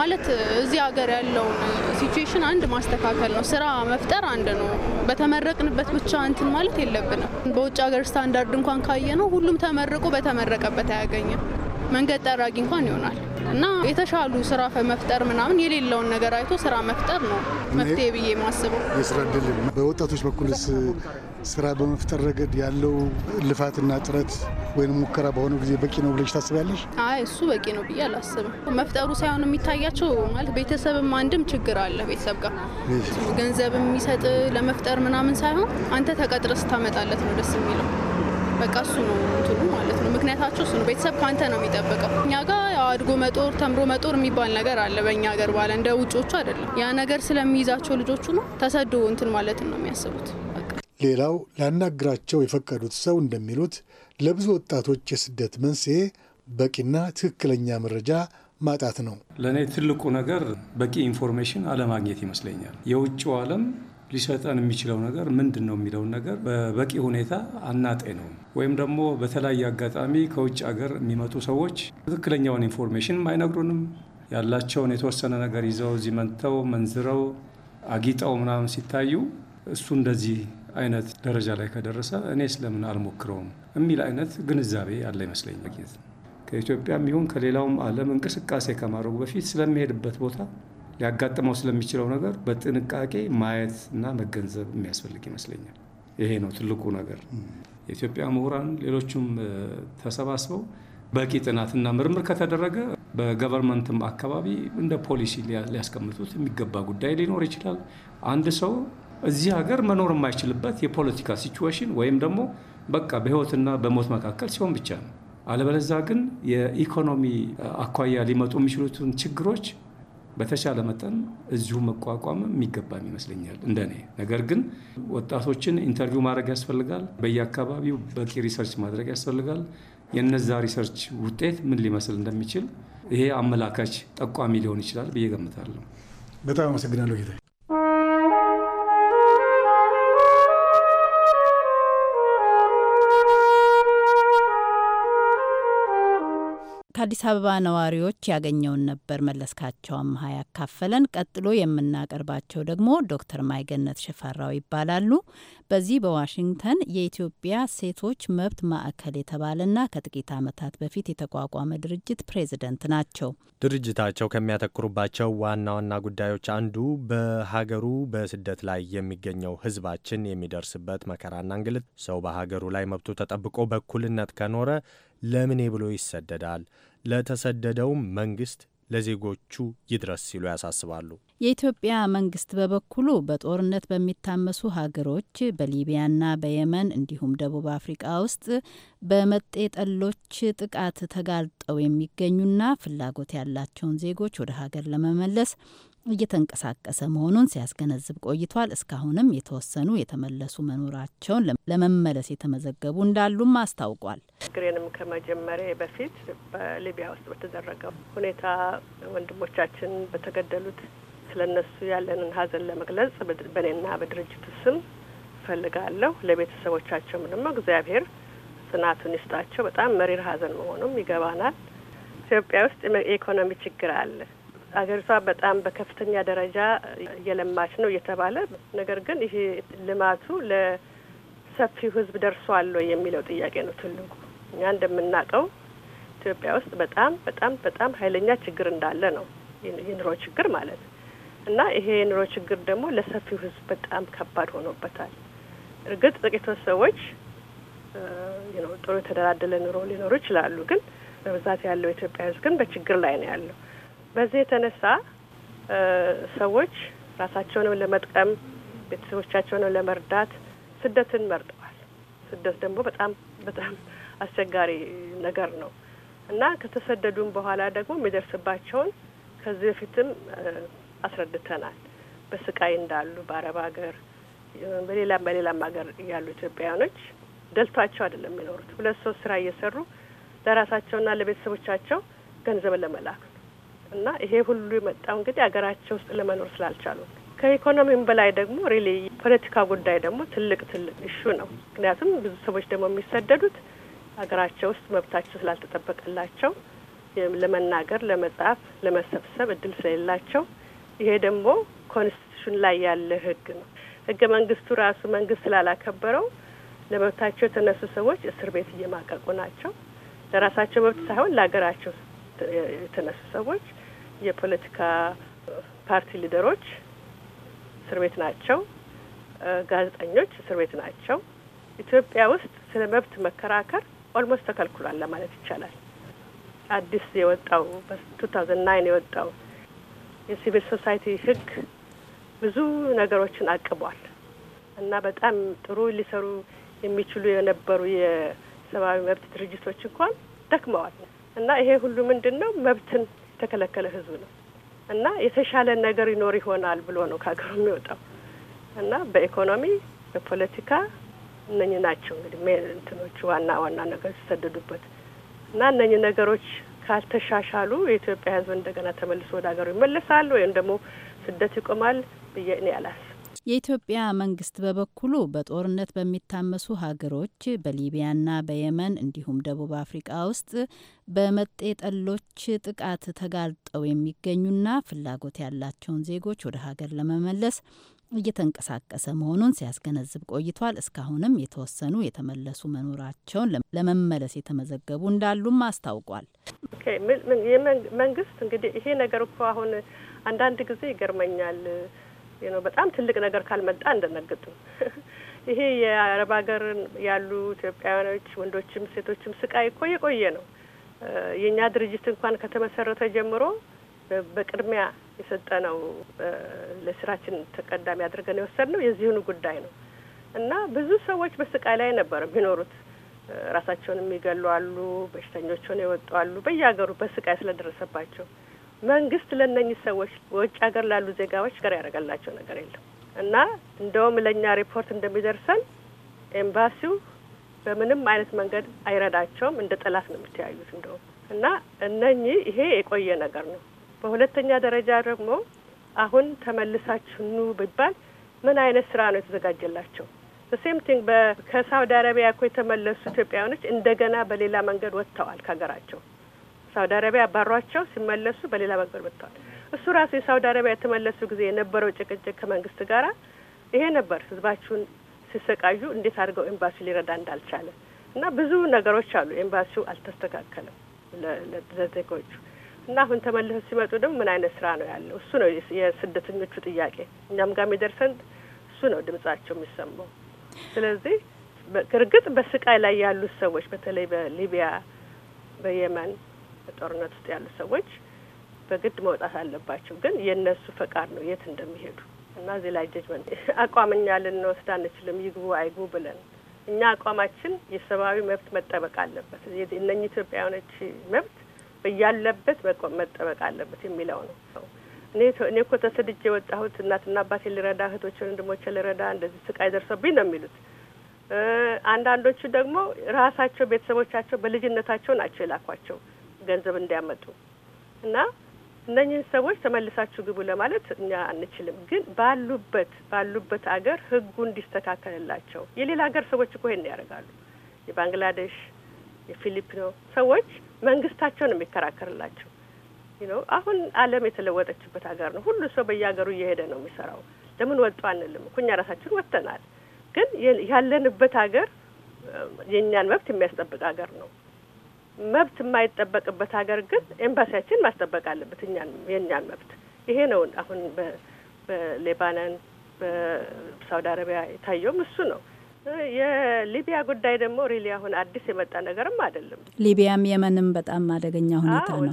ማለት እዚህ ሀገር ያለውን ሲቹዌሽን አንድ ማስተካከል ነው፣ ስራ መፍጠር አንድ ነው። በተመረቅንበት ብቻ እንትን ማለት የለብንም። በውጭ ሀገር ስታንዳርድ እንኳን ካየ ነው ሁሉም ተመርቆ በተመረቀበት አያገኝም። መንገድ ጠራጊ እንኳን ይሆናል እና የተሻሉ ስራ መፍጠር ምናምን የሌለውን ነገር አይቶ ስራ መፍጠር ነው መፍትሄ ብዬ የማስበው። የስራ እድል በወጣቶች በኩልስ ስራ በመፍጠር ረገድ ያለው ልፋትና ጥረት ወይም ሙከራ በሆነው ጊዜ በቂ ነው ብለሽ ታስቢያለሽ? አይ እሱ በቂ ነው ብዬ አላስብም። መፍጠሩ ሳይሆን የሚታያቸው ማለት ቤተሰብም አንድም ችግር አለ ቤተሰብ ጋር ገንዘብ የሚሰጥ ለመፍጠር ምናምን ሳይሆን አንተ ተቀጥረ ስታመጣለት ነው ደስ የሚለው በቃ እሱ ነው እንትኑ ማለት ነው። ምክንያታቸው እሱ ነው። ቤተሰብ ከአንተ ነው የሚጠብቀው። እኛ ጋር አድጎ መጦር ተምሮ መጦር የሚባል ነገር አለ በእኛ ሀገር ባለ እንደ ውጮቹ አይደለም። ያ ነገር ስለሚይዛቸው ልጆቹ ነው ተሰዶ እንትን ማለት ነው የሚያስቡት። ሌላው ላናግራቸው የፈቀዱት ሰው እንደሚሉት ለብዙ ወጣቶች የስደት መንስኤ በቂና ትክክለኛ መረጃ ማጣት ነው። ለእኔ ትልቁ ነገር በቂ ኢንፎርሜሽን አለማግኘት ይመስለኛል። የውጭው ዓለም ሊሰጠን የሚችለው ነገር ምንድን ነው የሚለውን ነገር በበቂ ሁኔታ አናጤ ነው ወይም ደግሞ በተለያየ አጋጣሚ ከውጭ ሀገር የሚመጡ ሰዎች ትክክለኛውን ኢንፎርሜሽን አይነግሩንም። ያላቸውን የተወሰነ ነገር ይዘው እዚህ መንተው መንዝረው አጊጠው ምናምን ሲታዩ እሱ እንደዚህ አይነት ደረጃ ላይ ከደረሰ እኔ ስለምን አልሞክረውም የሚል አይነት ግንዛቤ ያለ ይመስለኛል። ከኢትዮጵያም ይሁን ከሌላውም ዓለም እንቅስቃሴ ከማድረጉ በፊት ስለሚሄድበት ቦታ ሊያጋጥመው ስለሚችለው ነገር በጥንቃቄ ማየት እና መገንዘብ የሚያስፈልግ ይመስለኛል። ይሄ ነው ትልቁ ነገር። የኢትዮጵያ ምሁራን ሌሎቹም ተሰባስበው በቂ ጥናትና ምርምር ከተደረገ በገቨርንመንትም አካባቢ እንደ ፖሊሲ ሊያስቀምጡት የሚገባ ጉዳይ ሊኖር ይችላል። አንድ ሰው እዚህ ሀገር መኖር የማይችልበት የፖለቲካ ሲችዌሽን ወይም ደግሞ በቃ በህይወትና በሞት መካከል ሲሆን ብቻ ነው። አለበለዛ ግን የኢኮኖሚ አኳያ ሊመጡ የሚችሉትን ችግሮች በተሻለ መጠን እዚሁ መቋቋም የሚገባም ይመስለኛል እንደኔ። ነገር ግን ወጣቶችን ኢንተርቪው ማድረግ ያስፈልጋል። በየአካባቢው በቂ ሪሰርች ማድረግ ያስፈልጋል። የነዛ ሪሰርች ውጤት ምን ሊመስል እንደሚችል ይሄ አመላካች ጠቋሚ ሊሆን ይችላል ብዬ ገምታለሁ። በጣም አመሰግናለሁ ጌታ ከአዲስ አበባ ነዋሪዎች ያገኘውን ነበር መለስካቸው አምሃ ያካፈለን። ቀጥሎ የምናቀርባቸው ደግሞ ዶክተር ማይገነት ሽፈራው ይባላሉ። በዚህ በዋሽንግተን የኢትዮጵያ ሴቶች መብት ማዕከል የተባለና ከጥቂት ዓመታት በፊት የተቋቋመ ድርጅት ፕሬዝደንት ናቸው። ድርጅታቸው ከሚያተኩሩባቸው ዋና ዋና ጉዳዮች አንዱ በሀገሩ በስደት ላይ የሚገኘው ሕዝባችን የሚደርስበት መከራና እንግልት፣ ሰው በሀገሩ ላይ መብቱ ተጠብቆ በኩልነት ከኖረ ለምኔ ብሎ ይሰደዳል? ለተሰደደውም መንግስት ለዜጎቹ ይድረስ ሲሉ ያሳስባሉ። የኢትዮጵያ መንግስት በበኩሉ በጦርነት በሚታመሱ ሀገሮች በሊቢያና በየመን እንዲሁም ደቡብ አፍሪቃ ውስጥ በመጤ ጠሎች ጥቃት ተጋልጠው የሚገኙና ፍላጎት ያላቸውን ዜጎች ወደ ሀገር ለመመለስ እየተንቀሳቀሰ መሆኑን ሲያስገነዝብ ቆይቷል። እስካሁንም የተወሰኑ የተመለሱ መኖራቸውን ለመመለስ የተመዘገቡ እንዳሉም አስታውቋል። ግሬንም ከመጀመሪያ በፊት በሊቢያ ውስጥ በተደረገው ሁኔታ ወንድሞቻችን በተገደሉት ስለነሱ ያለንን ሐዘን ለመግለጽ በእኔና በድርጅቱ ስም ፈልጋለሁ ለቤተሰቦቻቸውም ደግሞ እግዚአብሔር ጽናቱን ይስጣቸው። በጣም መሪር ሐዘን መሆኑም ይገባናል። ኢትዮጵያ ውስጥ የኢኮኖሚ ችግር አለ። አገሪቷ በጣም በከፍተኛ ደረጃ እየለማች ነው እየተባለ ነገር ግን ይሄ ልማቱ ለሰፊው ህዝብ ደርሷል የሚለው ጥያቄ ነው ትልቁ። እኛ እንደምናውቀው ኢትዮጵያ ውስጥ በጣም በጣም በጣም ኃይለኛ ችግር እንዳለ ነው የኑሮ ችግር ማለት እና ይሄ የኑሮ ችግር ደግሞ ለሰፊው ህዝብ በጣም ከባድ ሆኖበታል። እርግጥ ጥቂቶች ሰዎች ጥሩ የተደላደለ ኑሮ ሊኖሩ ይችላሉ፣ ግን በብዛት ያለው የኢትዮጵያ ህዝብ ግን በችግር ላይ ነው ያለው። በዚህ የተነሳ ሰዎች ራሳቸውንም ለመጥቀም ቤተሰቦቻቸውንም ለመርዳት ስደትን መርጠዋል። ስደት ደግሞ በጣም በጣም አስቸጋሪ ነገር ነው እና ከተሰደዱም በኋላ ደግሞ የሚደርስባቸውን ከዚህ በፊትም አስረድተናል። በስቃይ እንዳሉ በአረብ ሀገር በሌላም በሌላም ሀገር ያሉ ኢትዮጵያውያኖች ደልቷቸው አይደለም የሚኖሩት። ሁለት ሶስት ስራ እየሰሩ ለራሳቸውና ለቤተሰቦቻቸው ገንዘብን ለመላክ እና ይሄ ሁሉ የመጣው እንግዲህ ሀገራቸው ውስጥ ለመኖር ስላልቻሉ ከኢኮኖሚም በላይ ደግሞ ሪሊ ፖለቲካ ጉዳይ ደግሞ ትልቅ ትልቅ እሹ ነው። ምክንያቱም ብዙ ሰዎች ደግሞ የሚሰደዱት ሀገራቸው ውስጥ መብታቸው ስላልተጠበቀላቸው ለመናገር፣ ለመጻፍ፣ ለመሰብሰብ እድል ስለሌላቸው ይሄ ደግሞ ኮንስቲቱሽን ላይ ያለ ህግ ነው። ህገ መንግስቱ ራሱ መንግስት ስላላከበረው ለመብታቸው የተነሱ ሰዎች እስር ቤት እየማቀቁ ናቸው። ለራሳቸው መብት ሳይሆን ለሀገራቸው የተነሱ ሰዎች የፖለቲካ ፓርቲ ሊደሮች እስር ቤት ናቸው። ጋዜጠኞች እስር ቤት ናቸው። ኢትዮጵያ ውስጥ ስለ መብት መከራከር ኦልሞስት ተከልክሏል ለማለት ይቻላል። አዲስ የወጣው በቱ ታውዘንድ ናይን የወጣው የሲቪል ሶሳይቲ ህግ ብዙ ነገሮችን አቅቧል እና በጣም ጥሩ ሊሰሩ የሚችሉ የነበሩ የሰብአዊ መብት ድርጅቶች እንኳን ደክመዋል እና ይሄ ሁሉ ምንድን ነው መብትን የተከለከለ ህዝብ ነው እና የተሻለ ነገር ይኖር ይሆናል ብሎ ነው ከሀገሩ የሚወጣው እና በኢኮኖሚ በፖለቲካ እነኝ ናቸው እንግዲህ እንትኖቹ ዋና ዋና ነገር ሲሰደዱበት እና እነኝ ነገሮች ካልተሻሻሉ የኢትዮጵያ ህዝብ እንደገና ተመልሶ ወደ ሀገሩ ይመለሳል ወይም ደግሞ ስደት ይቆማል ብዬ እኔ አላስ የኢትዮጵያ መንግስት በበኩሉ በጦርነት በሚታመሱ ሀገሮች በሊቢያና በየመን እንዲሁም ደቡብ አፍሪቃ ውስጥ በመጤ ጠሎች ጥቃት ተጋልጠው የሚገኙና ፍላጎት ያላቸውን ዜጎች ወደ ሀገር ለመመለስ እየተንቀሳቀሰ መሆኑን ሲያስገነዝብ ቆይቷል። እስካሁንም የተወሰኑ የተመለሱ መኖራቸውን ለመመለስ የተመዘገቡ እንዳሉም አስታውቋል። መንግስት እንግዲህ ይሄ ነገር እኮ አሁን አንዳንድ ጊዜ ይገርመኛል ነው በጣም ትልቅ ነገር ካልመጣ እንደነግጡ ይሄ የአረብ ሀገር ያሉ ኢትዮጵያውያኖች ወንዶችም ሴቶችም ስቃይ እኮ የቆየ ነው። የእኛ ድርጅት እንኳን ከተመሰረተ ጀምሮ በቅድሚያ የሰጠነው ለስራችን ተቀዳሚ አድርገን የወሰድነው የዚህኑ ጉዳይ ነው እና ብዙ ሰዎች በስቃይ ላይ ነበር የሚኖሩት። ራሳቸውን የሚገሉ አሉ፣ በሽተኞች ሆነው የወጡ አሉ፣ በየሀገሩ በስቃይ ስለደረሰባቸው መንግስት ለነኚህ ሰዎች በውጭ ሀገር ላሉ ዜጋዎች ጋር ያደረገላቸው ነገር የለም እና እንደውም ለእኛ ሪፖርት እንደሚደርሰን ኤምባሲው በምንም አይነት መንገድ አይረዳቸውም። እንደ ጠላት ነው የሚተያዩት እንደውም እና እነኚህ ይሄ የቆየ ነገር ነው። በሁለተኛ ደረጃ ደግሞ አሁን ተመልሳችሁ ኑ ቢባል ምን አይነት ስራ ነው የተዘጋጀላቸው? ሴም ቲንግ ከሳውዲ አረቢያ እኮ የተመለሱ ኢትዮጵያውያኖች እንደገና በሌላ መንገድ ወጥተዋል ከሀገራቸው ሳውዲ አረቢያ አባሯቸው ሲመለሱ በሌላ መንገድ መጥተዋል። እሱ ራሱ የሳውዲ አረቢያ የተመለሱ ጊዜ የነበረው ጭቅጭቅ ከመንግስት ጋራ ይሄ ነበር። ህዝባችሁን ሲሰቃዩ እንዴት አድርገው ኤምባሲው ሊረዳ እንዳልቻለ እና ብዙ ነገሮች አሉ። ኤምባሲው አልተስተካከለም ለዜጎቹ እና አሁን ተመልሰው ሲመጡ ደግሞ ምን አይነት ስራ ነው ያለው? እሱ ነው የስደተኞቹ ጥያቄ። እኛም ጋር የሚደርሰን እሱ ነው ድምጻቸው የሚሰማው። ስለዚህ እርግጥ በስቃይ ላይ ያሉት ሰዎች በተለይ በሊቢያ በየመን በጦርነት ውስጥ ያሉ ሰዎች በግድ መውጣት አለባቸው። ግን የእነሱ ፈቃድ ነው የት እንደሚሄዱ እና እዚህ ላይ ጀጅመንት አቋም እኛ ልንወስድ አንችልም። ይግቡ አይግቡ ብለን እኛ አቋማችን የሰብአዊ መብት መጠበቅ አለበት፣ እነኚህ ኢትዮጵያውያኖች መብት በያለበት መጠበቅ አለበት የሚለው ነው። እኔ እኔ እኮ ተሰድጄ የወጣሁት እናትና አባቴ ልረዳ እህቶች ወንድሞቼ ልረዳ እንደዚህ ስቃይ ደርሰብኝ ነው የሚሉት። አንዳንዶቹ ደግሞ ራሳቸው ቤተሰቦቻቸው በልጅነታቸው ናቸው የላኳቸው ገንዘብ እንዲያመጡ እና እነኝህን ሰዎች ተመልሳችሁ ግቡ ለማለት እኛ አንችልም። ግን ባሉበት ባሉበት አገር ህጉ እንዲስተካከልላቸው የሌላ ሀገር ሰዎች እኮ ይሄን ያደርጋሉ። የባንግላዴሽ የፊሊፒኖ ሰዎች መንግስታቸውን የሚከራከርላቸው ነው። አሁን አለም የተለወጠችበት ሀገር ነው። ሁሉ ሰው በየሀገሩ እየሄደ ነው የሚሰራው። ለምን ወጡ አንልም እኮ እኛ ራሳችን ወጥተናል። ግን ያለንበት ሀገር የእኛን መብት የሚያስጠብቅ ሀገር ነው። መብት የማይጠበቅበት ሀገር ግን ኤምባሲያችን ማስጠበቅ አለበት እኛን የእኛን መብት ይሄ ነው። አሁን በሌባነን በሳውዲ አረቢያ የታየውም እሱ ነው። የሊቢያ ጉዳይ ደግሞ ሪሊ አሁን አዲስ የመጣ ነገርም አይደለም። ሊቢያም የመንም በጣም አደገኛ ሁኔታ ነው።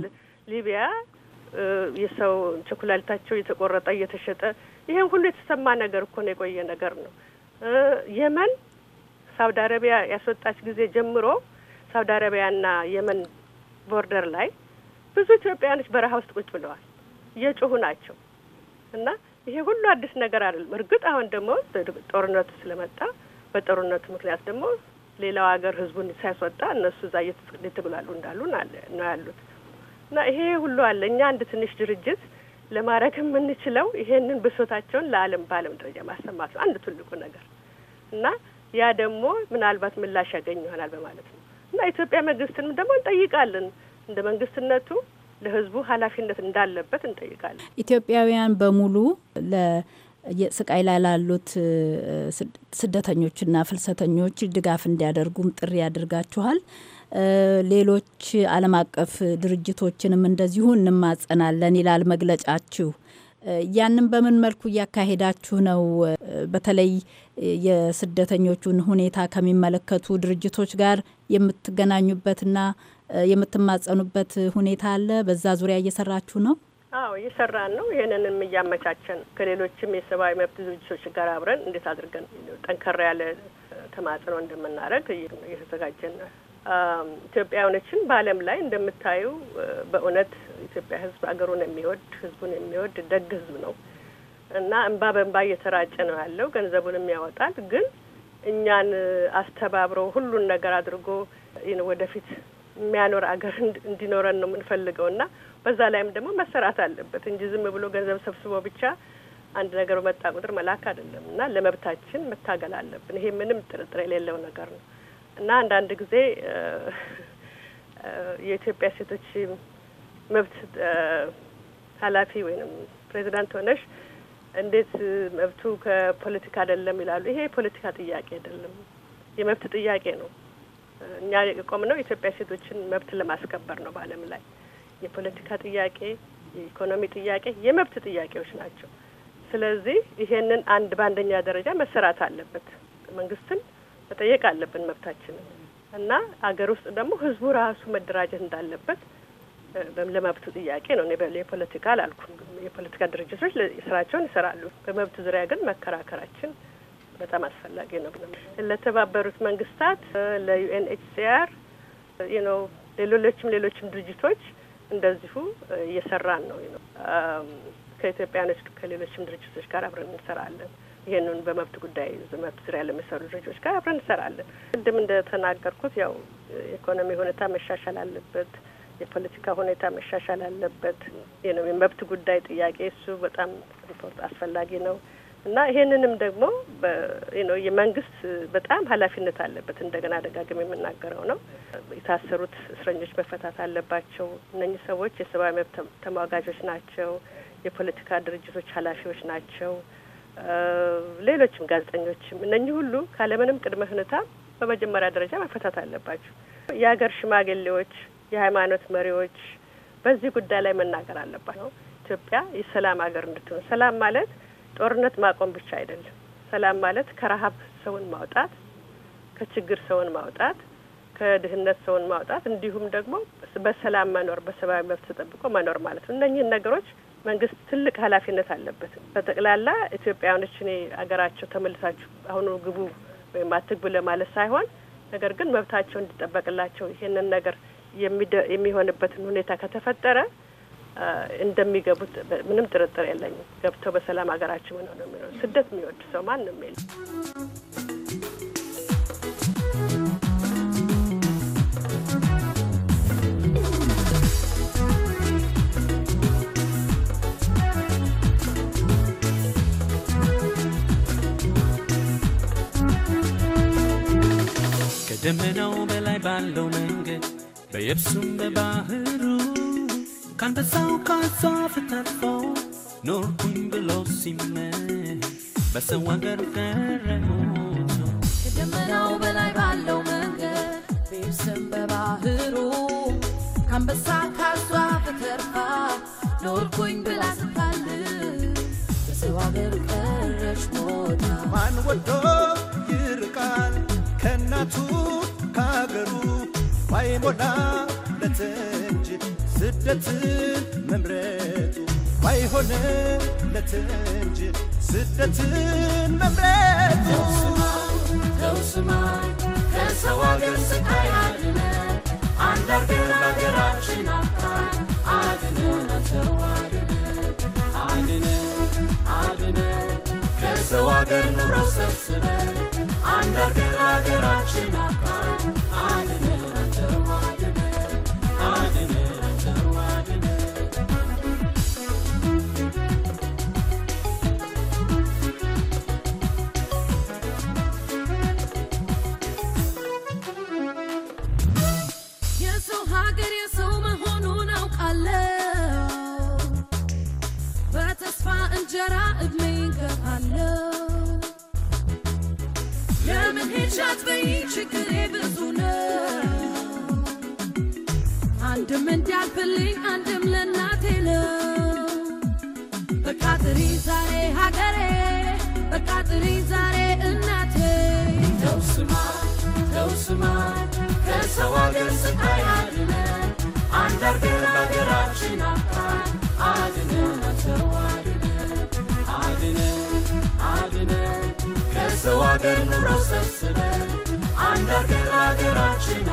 ሊቢያ የሰው ቸኩላሊታቸው እየተቆረጠ እየተሸጠ ይሄን ሁሉ የተሰማ ነገር እኮ ነው፣ የቆየ ነገር ነው። የመን ሳውዲ አረቢያ ያስወጣች ጊዜ ጀምሮ ሳውዲ አረቢያና የመን ቦርደር ላይ ብዙ ኢትዮጵያውያኖች በረሃ ውስጥ ቁጭ ብለዋል፣ እየጮሁ ናቸው። እና ይሄ ሁሉ አዲስ ነገር አይደለም። እርግጥ አሁን ደግሞ ጦርነቱ ስለመጣ በጦርነቱ ምክንያት ደግሞ ሌላው ሀገር ህዝቡን ሳያስወጣ እነሱ እዛ እየተብላሉ እንዳሉ ነው ያሉት። እና ይሄ ሁሉ አለ። እኛ አንድ ትንሽ ድርጅት ለማድረግ የምንችለው ይሄንን ብሶታቸውን ለዓለም በዓለም ደረጃ ማሰማት ነው አንድ ትልቁ ነገር እና ያ ደግሞ ምናልባት ምላሽ ያገኝ ይሆናል በማለት ነው። እና ኢትዮጵያ መንግስትንም ደግሞ እንጠይቃለን እንደ መንግስትነቱ ለህዝቡ ኃላፊነት እንዳለበት እንጠይቃለን። ኢትዮጵያውያን በሙሉ ስቃይ ላይ ላሉት ስደተኞችና ፍልሰተኞች ድጋፍ እንዲያደርጉም ጥሪ ያደርጋችኋል። ሌሎች ዓለም አቀፍ ድርጅቶችንም እንደዚሁ እንማጸናለን ይላል መግለጫችሁ። ያንን በምን መልኩ እያካሄዳችሁ ነው? በተለይ የስደተኞቹን ሁኔታ ከሚመለከቱ ድርጅቶች ጋር የምትገናኙበትና የምትማጸኑበት ሁኔታ አለ። በዛ ዙሪያ እየሰራችሁ ነው? አዎ እየሰራን ነው። ይህንንም እያመቻቸን ከሌሎችም የሰብአዊ መብት ድርጅቶች ጋር አብረን እንዴት አድርገን ጠንከር ያለ ተማጽኖ እንደምናደርግ እየተዘጋጀን ኢትዮጵያ የሆነችን በዓለም ላይ እንደምታዩ በእውነት ኢትዮጵያ ሕዝብ አገሩን የሚወድ ሕዝቡን የሚወድ ደግ ሕዝብ ነው እና እንባ በእንባ እየተራጨ ነው ያለው። ገንዘቡንም ያወጣል፣ ግን እኛን አስተባብሮ ሁሉን ነገር አድርጎ ወደፊት የሚያኖር አገር እንዲኖረን ነው የምንፈልገው እና በዛ ላይም ደግሞ መሰራት አለበት እንጂ ዝም ብሎ ገንዘብ ሰብስቦ ብቻ አንድ ነገር በመጣ ቁጥር መላክ አይደለም እና ለመብታችን መታገል አለብን። ይሄ ምንም ጥርጥር የሌለው ነገር ነው። እና አንዳንድ ጊዜ የኢትዮጵያ ሴቶች መብት ኃላፊ ወይም ፕሬዚዳንት ሆነሽ እንዴት መብቱ ከፖለቲካ አይደለም ይላሉ። ይሄ የፖለቲካ ጥያቄ አይደለም፣ የመብት ጥያቄ ነው። እኛ የቆምነው የኢትዮጵያ ሴቶችን መብት ለማስከበር ነው። በዓለም ላይ የፖለቲካ ጥያቄ፣ የኢኮኖሚ ጥያቄ የመብት ጥያቄዎች ናቸው። ስለዚህ ይሄንን አንድ በአንደኛ ደረጃ መሰራት አለበት መንግስትን መጠየቅ አለብን መብታችንን እና አገር ውስጥ ደግሞ ህዝቡ ራሱ መደራጀት እንዳለበት ለመብቱ ጥያቄ ነው። የፖለቲካ አላልኩም። የፖለቲካ ድርጅቶች ስራቸውን ይሰራሉ። በመብቱ ዙሪያ ግን መከራከራችን በጣም አስፈላጊ ነው። ለተባበሩት መንግስታት፣ ለዩኤንኤችሲአር ነው ሌሎችም ሌሎችም ድርጅቶች እንደዚሁ እየሰራን ነው ከኢትዮጵያኖች ከሌሎችም ድርጅቶች ጋር አብረን እንሰራለን። ይህንን በመብት ጉዳይ መብት ዙሪያ ለሚሰሩ ድርጅቶች ጋር አብረን እንሰራለን። ቅድም እንደተናገርኩት ያው የኢኮኖሚ ሁኔታ መሻሻል አለበት። የፖለቲካ ሁኔታ መሻሻል አለበት። ነው የመብት ጉዳይ ጥያቄ እሱ በጣም ሪፖርት አስፈላጊ ነው እና ይሄንንም ደግሞ ነው የመንግስት በጣም ኃላፊነት አለበት። እንደገና ደጋግም የምናገረው ነው የታሰሩት እስረኞች መፈታት አለባቸው። እነኚህ ሰዎች የሰብአዊ መብት ተሟጋቾች ናቸው። የፖለቲካ ድርጅቶች ኃላፊዎች ናቸው። ሌሎችም ጋዜጠኞችም እነኚህ ሁሉ ካለምንም ቅድመ ሁኔታ በመጀመሪያ ደረጃ መፈታት አለባቸው። የሀገር ሽማግሌዎች፣ የሃይማኖት መሪዎች በዚህ ጉዳይ ላይ መናገር አለባቸው። ኢትዮጵያ የሰላም ሀገር እንድትሆን፣ ሰላም ማለት ጦርነት ማቆም ብቻ አይደለም። ሰላም ማለት ከረሀብ ሰውን ማውጣት፣ ከችግር ሰውን ማውጣት፣ ከድህነት ሰውን ማውጣት እንዲሁም ደግሞ በሰላም መኖር፣ በሰብአዊ መብት ተጠብቆ መኖር ማለት ነው። እነኚህን ነገሮች መንግስት ትልቅ ኃላፊነት አለበት። በጠቅላላ ኢትዮጵያውያኖች እኔ አገራቸው ተመልሳችሁ አሁኑ ግቡ ወይም አትግቡ ለማለት ሳይሆን ነገር ግን መብታቸው እንዲጠበቅላቸው ይሄንን ነገር የሚሆንበትን ሁኔታ ከተፈጠረ እንደሚገቡት ምንም ጥርጥር የለኝም። ገብተው በሰላም ሀገራችን ምን ሆነው የሚለው ስደት የሚወድ ሰው ማንም የለም። ደመናው በላይ ባለው መንገድ በየብሱም በባህሩ ካንበሳው ከአሳፍ ተርፎ ኖርኩኝ ብሎ ሲመኝ በሰው አገር ገረሞት ከደመናው በላይ ባለው መንገድ በየብስም በባህሩ ካንበሳ ከአሳፍ ተርፋ ኖርኩኝ ብላ ስታል በሰው አገር ቀረች ሞታ ማን ወዶ እናቱ ከአገሩ ባይሞላ ለተንጅ ስደትን መምረጡ ባይሆነ ለተንጅ ስደትን መምረጡ ከሰው አገር ስቃይ አድነ አንድ አገር አገራችን አታ አድነ ናቸው አድነ አድነ ከሰው አገር ኑሮ ሰብስበን አንድ ሀገር የሰው መሆኑን አውቃለሁ እንጀራ እድሜ ይገባለሁ ለምን ሄድሽ አትበይኝ ችግሬ ብዙ ነው አንድም እንዲያልፍልኝ አንድም ለእናቴ ነው በቃጥሪ ዛሬ ሀገሬ በቃጥሪ ዛሬ እናቴ ተውስማ ተውስማ ከሰው ሀገር ስታይ አድነ አንዳርገ ሀገር ኑረው ሰብስበን አንድ ሀገር ሀገራችን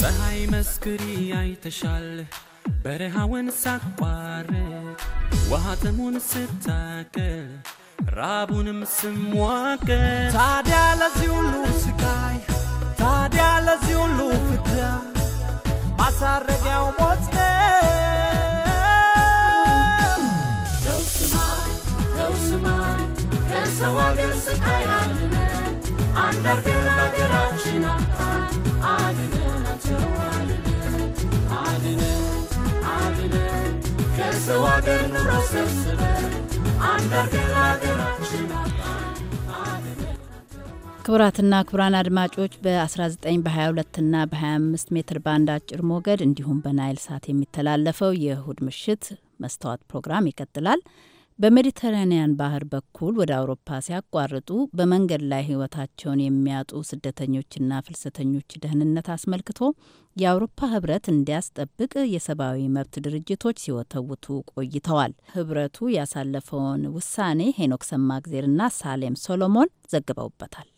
ፀሐይ መስክሪ አይተሻል በረሃውን ሳቋርጥ ውሃ ስታከል ራቡንም ስሟቅል ታዲያ ለዚህ ሁሉ ስቃይ ታዲያ ለዚህ ሁሉ ፍዳ ማሳረጊያው ሞት ነው። ሰው ስማ፣ ሰው ከሰው አገር ስቃይ አድነ አድነ አድነ ከሰው አገር ኑሮ ሰብስበ አንድ ክቡራትና ክቡራን አድማጮች በ19 በ22ና በ25 ሜትር ባንድ አጭር ሞገድ እንዲሁም በናይል ሳት የሚተላለፈው የእሁድ ምሽት መስታወት ፕሮግራም ይቀጥላል። በሜዲተራኒያን ባህር በኩል ወደ አውሮፓ ሲያቋርጡ በመንገድ ላይ ሕይወታቸውን የሚያጡ ስደተኞችና ፍልሰተኞች ደህንነት አስመልክቶ የአውሮፓ ህብረት እንዲያስጠብቅ የሰብአዊ መብት ድርጅቶች ሲወተውቱ ቆይተዋል። ህብረቱ ያሳለፈውን ውሳኔ ሄኖክ ሰማግዜርና ሳሌም ሶሎሞን ዘግበውበታል።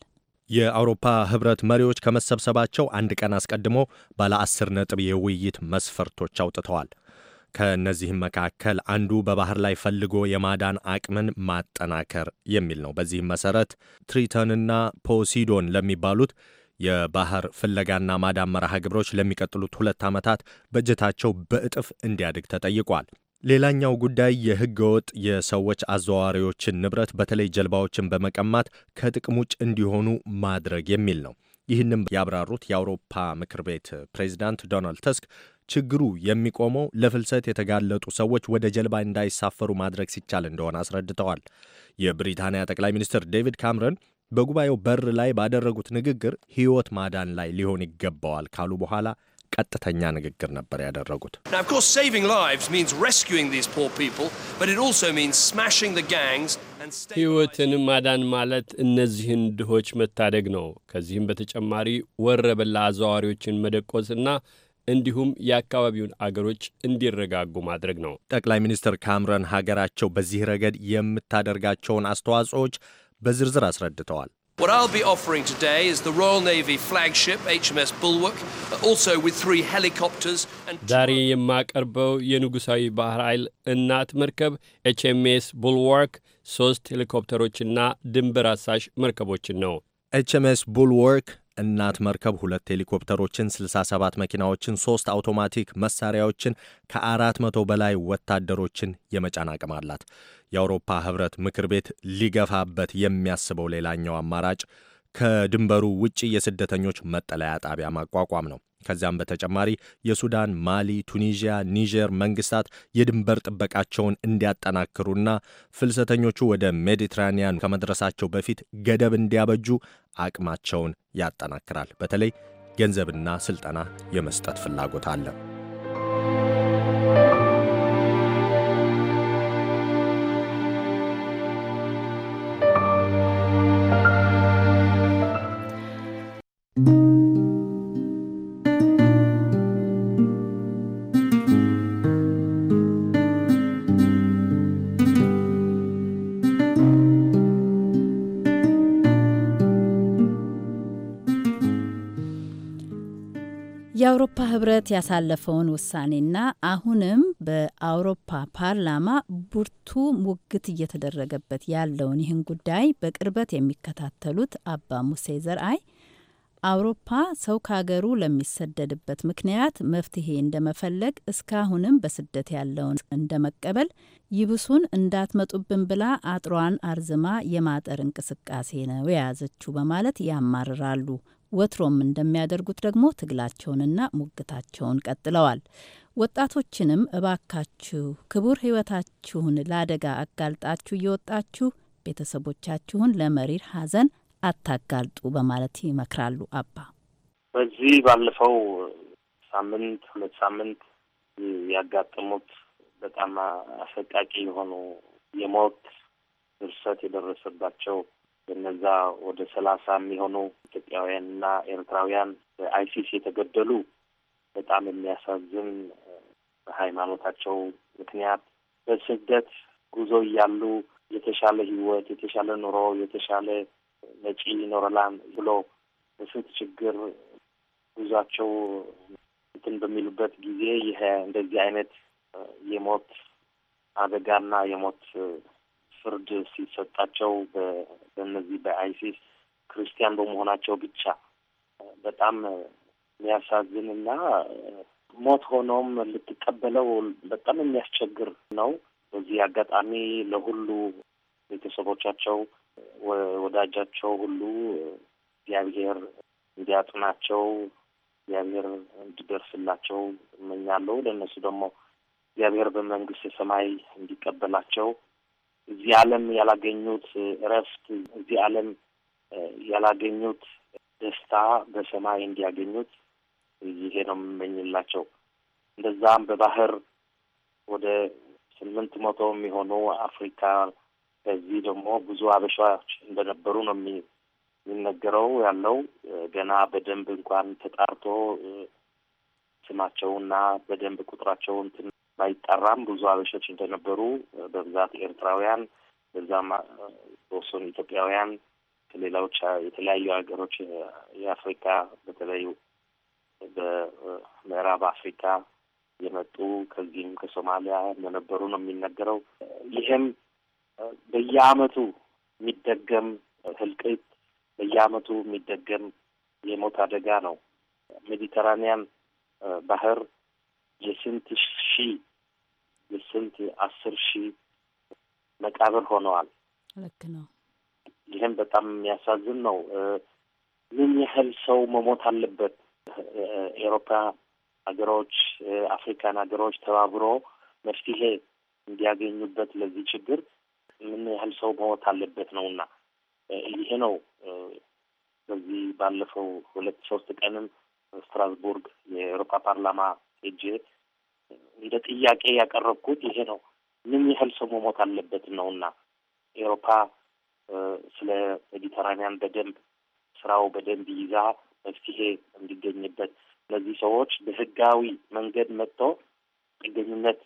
የአውሮፓ ህብረት መሪዎች ከመሰብሰባቸው አንድ ቀን አስቀድሞ ባለ አስር ነጥብ የውይይት መስፈርቶች አውጥተዋል። ከእነዚህም መካከል አንዱ በባህር ላይ ፈልጎ የማዳን አቅምን ማጠናከር የሚል ነው። በዚህም መሰረት ትሪተንና ፖሲዶን ለሚባሉት የባህር ፍለጋና ማዳን መርሃ ግብሮች ለሚቀጥሉት ሁለት ዓመታት በጀታቸው በእጥፍ እንዲያድግ ተጠይቋል። ሌላኛው ጉዳይ የሕገ ወጥ የሰዎች አዘዋዋሪዎችን ንብረት በተለይ ጀልባዎችን በመቀማት ከጥቅም ውጭ እንዲሆኑ ማድረግ የሚል ነው። ይህንም ያብራሩት የአውሮፓ ምክር ቤት ፕሬዚዳንት ዶናልድ ተስክ ችግሩ የሚቆመው ለፍልሰት የተጋለጡ ሰዎች ወደ ጀልባ እንዳይሳፈሩ ማድረግ ሲቻል እንደሆነ አስረድተዋል። የብሪታንያ ጠቅላይ ሚኒስትር ዴቪድ ካምረን በጉባኤው በር ላይ ባደረጉት ንግግር ሕይወት ማዳን ላይ ሊሆን ይገባዋል ካሉ በኋላ ቀጥተኛ ንግግር ነበር ያደረጉት። ሕይወትን ማዳን ማለት እነዚህን ድሆች መታደግ ነው። ከዚህም በተጨማሪ ወረበላ አዘዋዋሪዎችን መደቆስና እንዲሁም የአካባቢውን አገሮች እንዲረጋጉ ማድረግ ነው። ጠቅላይ ሚኒስትር ካምረን ሀገራቸው በዚህ ረገድ የምታደርጋቸውን አስተዋጽኦዎች በዝርዝር አስረድተዋል። What I'll be offering today is the Royal Navy flagship HMS Bulwark, also with three helicopters and ዛሬ የማቀርበው የንጉሳዊ ባህር ኃይል እናት መርከብ ኤችኤምኤስ ቡልዋርክ ሶስት ሄሊኮፕተሮችና ድንበር አሳሽ መርከቦችን ነው። ኤችኤምኤስ ቡልዋርክ እናት መርከብ ሁለት ሄሊኮፕተሮችን፣ 67 መኪናዎችን፣ ሶስት አውቶማቲክ መሳሪያዎችን ከአራት መቶ በላይ ወታደሮችን የመጫን አቅም አላት። የአውሮፓ ህብረት ምክር ቤት ሊገፋበት የሚያስበው ሌላኛው አማራጭ ከድንበሩ ውጭ የስደተኞች መጠለያ ጣቢያ ማቋቋም ነው። ከዚያም በተጨማሪ የሱዳን፣ ማሊ፣ ቱኒዥያ፣ ኒጀር መንግስታት የድንበር ጥበቃቸውን እንዲያጠናክሩና ፍልሰተኞቹ ወደ ሜዲትራኒያን ከመድረሳቸው በፊት ገደብ እንዲያበጁ አቅማቸውን ያጠናክራል። በተለይ ገንዘብና ስልጠና የመስጠት ፍላጎት አለ። የአውሮፓ ህብረት ያሳለፈውን ውሳኔና አሁንም በአውሮፓ ፓርላማ ብርቱ ሙግት እየተደረገበት ያለውን ይህን ጉዳይ በቅርበት የሚከታተሉት አባ ሙሴ ዘርአይ አውሮፓ ሰው ከሀገሩ ለሚሰደድበት ምክንያት መፍትሄ እንደመፈለግ እስካሁንም በስደት ያለውን እንደመቀበል ይብሱን እንዳትመጡብን ብላ አጥሯን አርዝማ የማጠር እንቅስቃሴ ነው የያዘችው በማለት ያማርራሉ። ወትሮም እንደሚያደርጉት ደግሞ ትግላቸውንና ሙግታቸውን ቀጥለዋል። ወጣቶችንም እባካችሁ ክቡር ሕይወታችሁን ለአደጋ አጋልጣችሁ እየወጣችሁ ቤተሰቦቻችሁን ለመሪር ሐዘን አታጋልጡ በማለት ይመክራሉ። አባ በዚህ ባለፈው ሳምንት ሁለት ሳምንት ያጋጠሙት በጣም አሰቃቂ የሆኑ የሞት ድርሰት የደረሰባቸው በነዛ ወደ ሰላሳ የሚሆኑ ኢትዮጵያውያንና ኤርትራውያን በአይሲስ የተገደሉ በጣም የሚያሳዝን በሃይማኖታቸው ምክንያት በስደት ጉዞ እያሉ የተሻለ ህይወት፣ የተሻለ ኑሮ፣ የተሻለ መጪ ይኖረላን ብሎ በስንት ችግር ጉዟቸው እንትን በሚሉበት ጊዜ ይሄ እንደዚህ አይነት የሞት አደጋና የሞት ፍርድ ሲሰጣቸው በእነዚህ በአይሲስ ክርስቲያን በመሆናቸው ብቻ በጣም የሚያሳዝን እና ሞት ሆኖም ልትቀበለው በጣም የሚያስቸግር ነው። በዚህ አጋጣሚ ለሁሉ ቤተሰቦቻቸው፣ ወዳጃቸው ሁሉ እግዚአብሔር እንዲያጥናቸው እግዚአብሔር እንዲደርስላቸው እመኛለሁ። ለእነሱ ደግሞ እግዚአብሔር በመንግስት ሰማይ እንዲቀበላቸው እዚህ ዓለም ያላገኙት እረፍት፣ እዚህ ዓለም ያላገኙት ደስታ በሰማይ እንዲያገኙት ይሄ ነው የምመኝላቸው። እንደዛም በባህር ወደ ስምንት መቶ የሚሆኑ አፍሪካ በዚህ ደግሞ ብዙ አበሻዎች እንደነበሩ ነው የሚነገረው ያለው ገና በደንብ እንኳን ተጣርቶ ስማቸውና በደንብ ቁጥራቸውን ባይጠራም ብዙ አበሾች እንደነበሩ በብዛት ኤርትራውያን በዛም በወሰኑ ኢትዮጵያውያን ከሌላዎች የተለያዩ ሀገሮች የአፍሪካ በተለዩ በምዕራብ አፍሪካ የመጡ ከዚህም ከሶማሊያ እንደነበሩ ነው የሚነገረው። ይህም በየአመቱ የሚደገም ህልቅት፣ በየአመቱ የሚደገም የሞት አደጋ ነው። ሜዲተራኒያን ባህር የስንት ሺህ ስንት አስር ሺህ መቃብር ሆነዋል። ልክ ነው። ይህም በጣም የሚያሳዝን ነው። ምን ያህል ሰው መሞት አለበት? ኤሮፓ ሀገሮች፣ አፍሪካን ሀገሮች ተባብሮ መፍትሄ እንዲያገኙበት ለዚህ ችግር ምን ያህል ሰው መሞት አለበት ነው እና ይሄ ነው በዚህ ባለፈው ሁለት ሶስት ቀንም ስትራስቡርግ የኤሮፓ ፓርላማ ሄጄ እንደ ጥያቄ ያቀረብኩት ይሄ ነው። ምን ያህል ሰው መሞት አለበት ነውና ኤሮፓ ስለ ሜዲተራኒያን በደንብ ስራው በደንብ ይዛ መፍትሄ እንዲገኝበት እነዚህ ሰዎች በህጋዊ መንገድ መጥቶ ጥገኝነት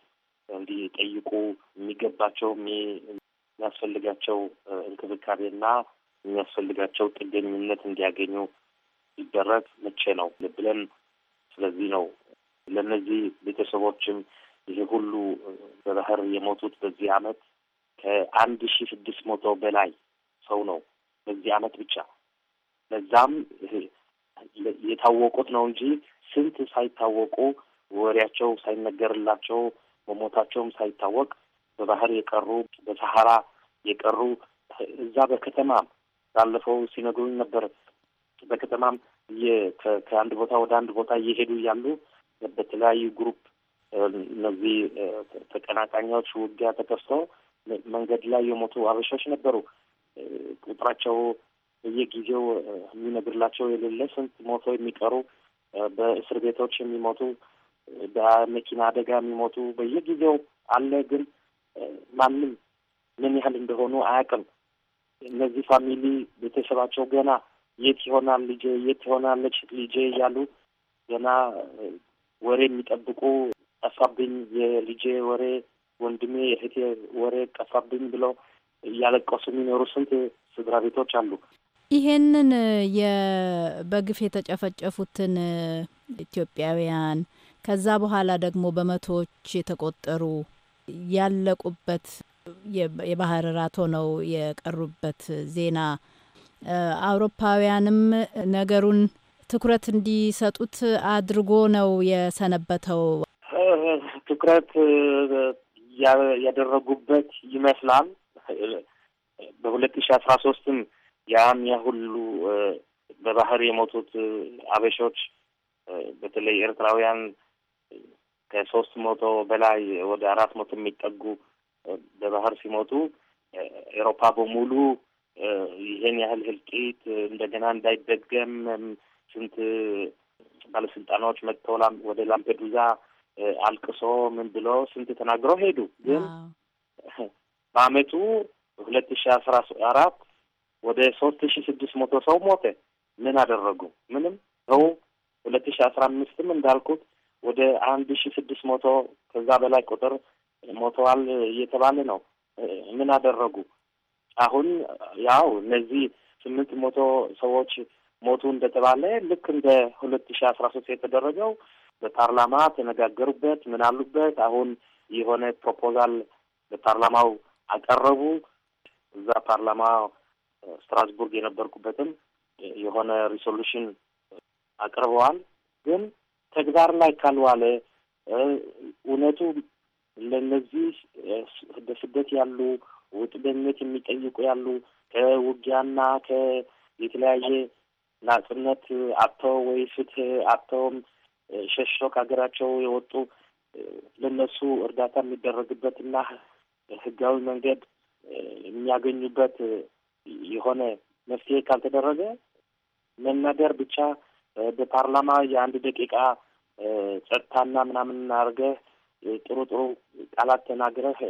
እንዲጠይቁ የሚገባቸው የሚያስፈልጋቸው እንክብካቤና የሚያስፈልጋቸው ጥገኝነት እንዲያገኙ ሲደረግ መቼ ነው ብለን ስለዚህ ነው ለእነዚህ ቤተሰቦችም ይሄ ሁሉ በባህር የሞቱት በዚህ አመት ከአንድ ሺ ስድስት መቶ በላይ ሰው ነው በዚህ አመት ብቻ። ለዛም የታወቁት ነው እንጂ ስንት ሳይታወቁ ወሬያቸው ሳይነገርላቸው መሞታቸውም ሳይታወቅ በባህር የቀሩ በሰሐራ የቀሩ እዛ በከተማ ባለፈው ሲነግሩኝ ነበር። በከተማም ከአንድ ቦታ ወደ አንድ ቦታ እየሄዱ እያሉ በተለያዩ ግሩፕ እነዚህ ተቀናቃኞች ውጊያ ተከፍተው መንገድ ላይ የሞቱ አበሻዎች ነበሩ። ቁጥራቸው በየጊዜው የሚነግርላቸው የሌለ ስንት ሞቶ የሚቀሩ በእስር ቤቶች የሚሞቱ በመኪና አደጋ የሚሞቱ በየጊዜው አለ። ግን ማንም ምን ያህል እንደሆኑ አያውቅም። እነዚህ ፋሚሊ ቤተሰባቸው ገና የት ይሆናል ልጄ፣ የት ይሆናለች ልጄ እያሉ ገና ወሬ የሚጠብቁ ጠፋብኝ፣ የልጄ ወሬ፣ ወንድሜ፣ የእህቴ ወሬ ጠፋብኝ ብለው እያለቀሱ የሚኖሩ ስንት ስድራ ቤቶች አሉ። ይሄንን በግፍ የተጨፈጨፉትን ኢትዮጵያውያን ከዛ በኋላ ደግሞ በመቶዎች የተቆጠሩ ያለቁበት የባህር ራት ሆነው የቀሩበት ዜና አውሮፓውያንም ነገሩን ትኩረት እንዲሰጡት አድርጎ ነው የሰነበተው። ትኩረት ያደረጉበት ይመስላል። በሁለት ሺ አስራ ሶስትም ያም ያሁሉ በባህር የሞቱት አበሾች በተለይ ኤርትራውያን ከሶስት መቶ በላይ ወደ አራት መቶ የሚጠጉ በባህር ሲሞቱ ኤሮፓ በሙሉ ይህን ያህል ህልቂት እንደገና እንዳይደገም ስንት ባለስልጣናዎች መጥተው ወደ ላምፔዱዛ አልቅሶ ምን ብሎ ስንት ተናግረው ሄዱ። ግን በአመቱ ሁለት ሺ አስራ አራት ወደ ሶስት ሺ ስድስት መቶ ሰው ሞተ። ምን አደረጉ? ምንም። ሰው ሁለት ሺ አስራ አምስትም እንዳልኩት ወደ አንድ ሺ ስድስት መቶ ከዛ በላይ ቁጥር ሞተዋል እየተባለ ነው። ምን አደረጉ? አሁን ያው እነዚህ ስምንት መቶ ሰዎች ሞቱ እንደተባለ ልክ እንደ ሁለት ሺ አስራ ሶስት የተደረገው በፓርላማ ተነጋገሩበት፣ ምን አሉበት። አሁን የሆነ ፕሮፖዛል በፓርላማው አቀረቡ። እዛ ፓርላማ ስትራስቡርግ የነበርኩበትም የሆነ ሪሶሉሽን አቅርበዋል። ግን ተግባር ላይ ካልዋለ እውነቱ ለነዚህ በስደት ያሉ ውጥንነት የሚጠይቁ ያሉ ከውጊያና ከየተለያየ ናጽነት አጥተው ወይ ፍትህ አጥተውም ሸሽተው ከሀገራቸው የወጡ ለነሱ እርዳታ የሚደረግበትና ህጋዊ መንገድ የሚያገኙበት የሆነ መፍትሄ ካልተደረገ መናገር ብቻ በፓርላማ የአንድ ደቂቃ ጸጥታና ምናምን አድርገህ ጥሩ ጥሩ ቃላት ተናግረህ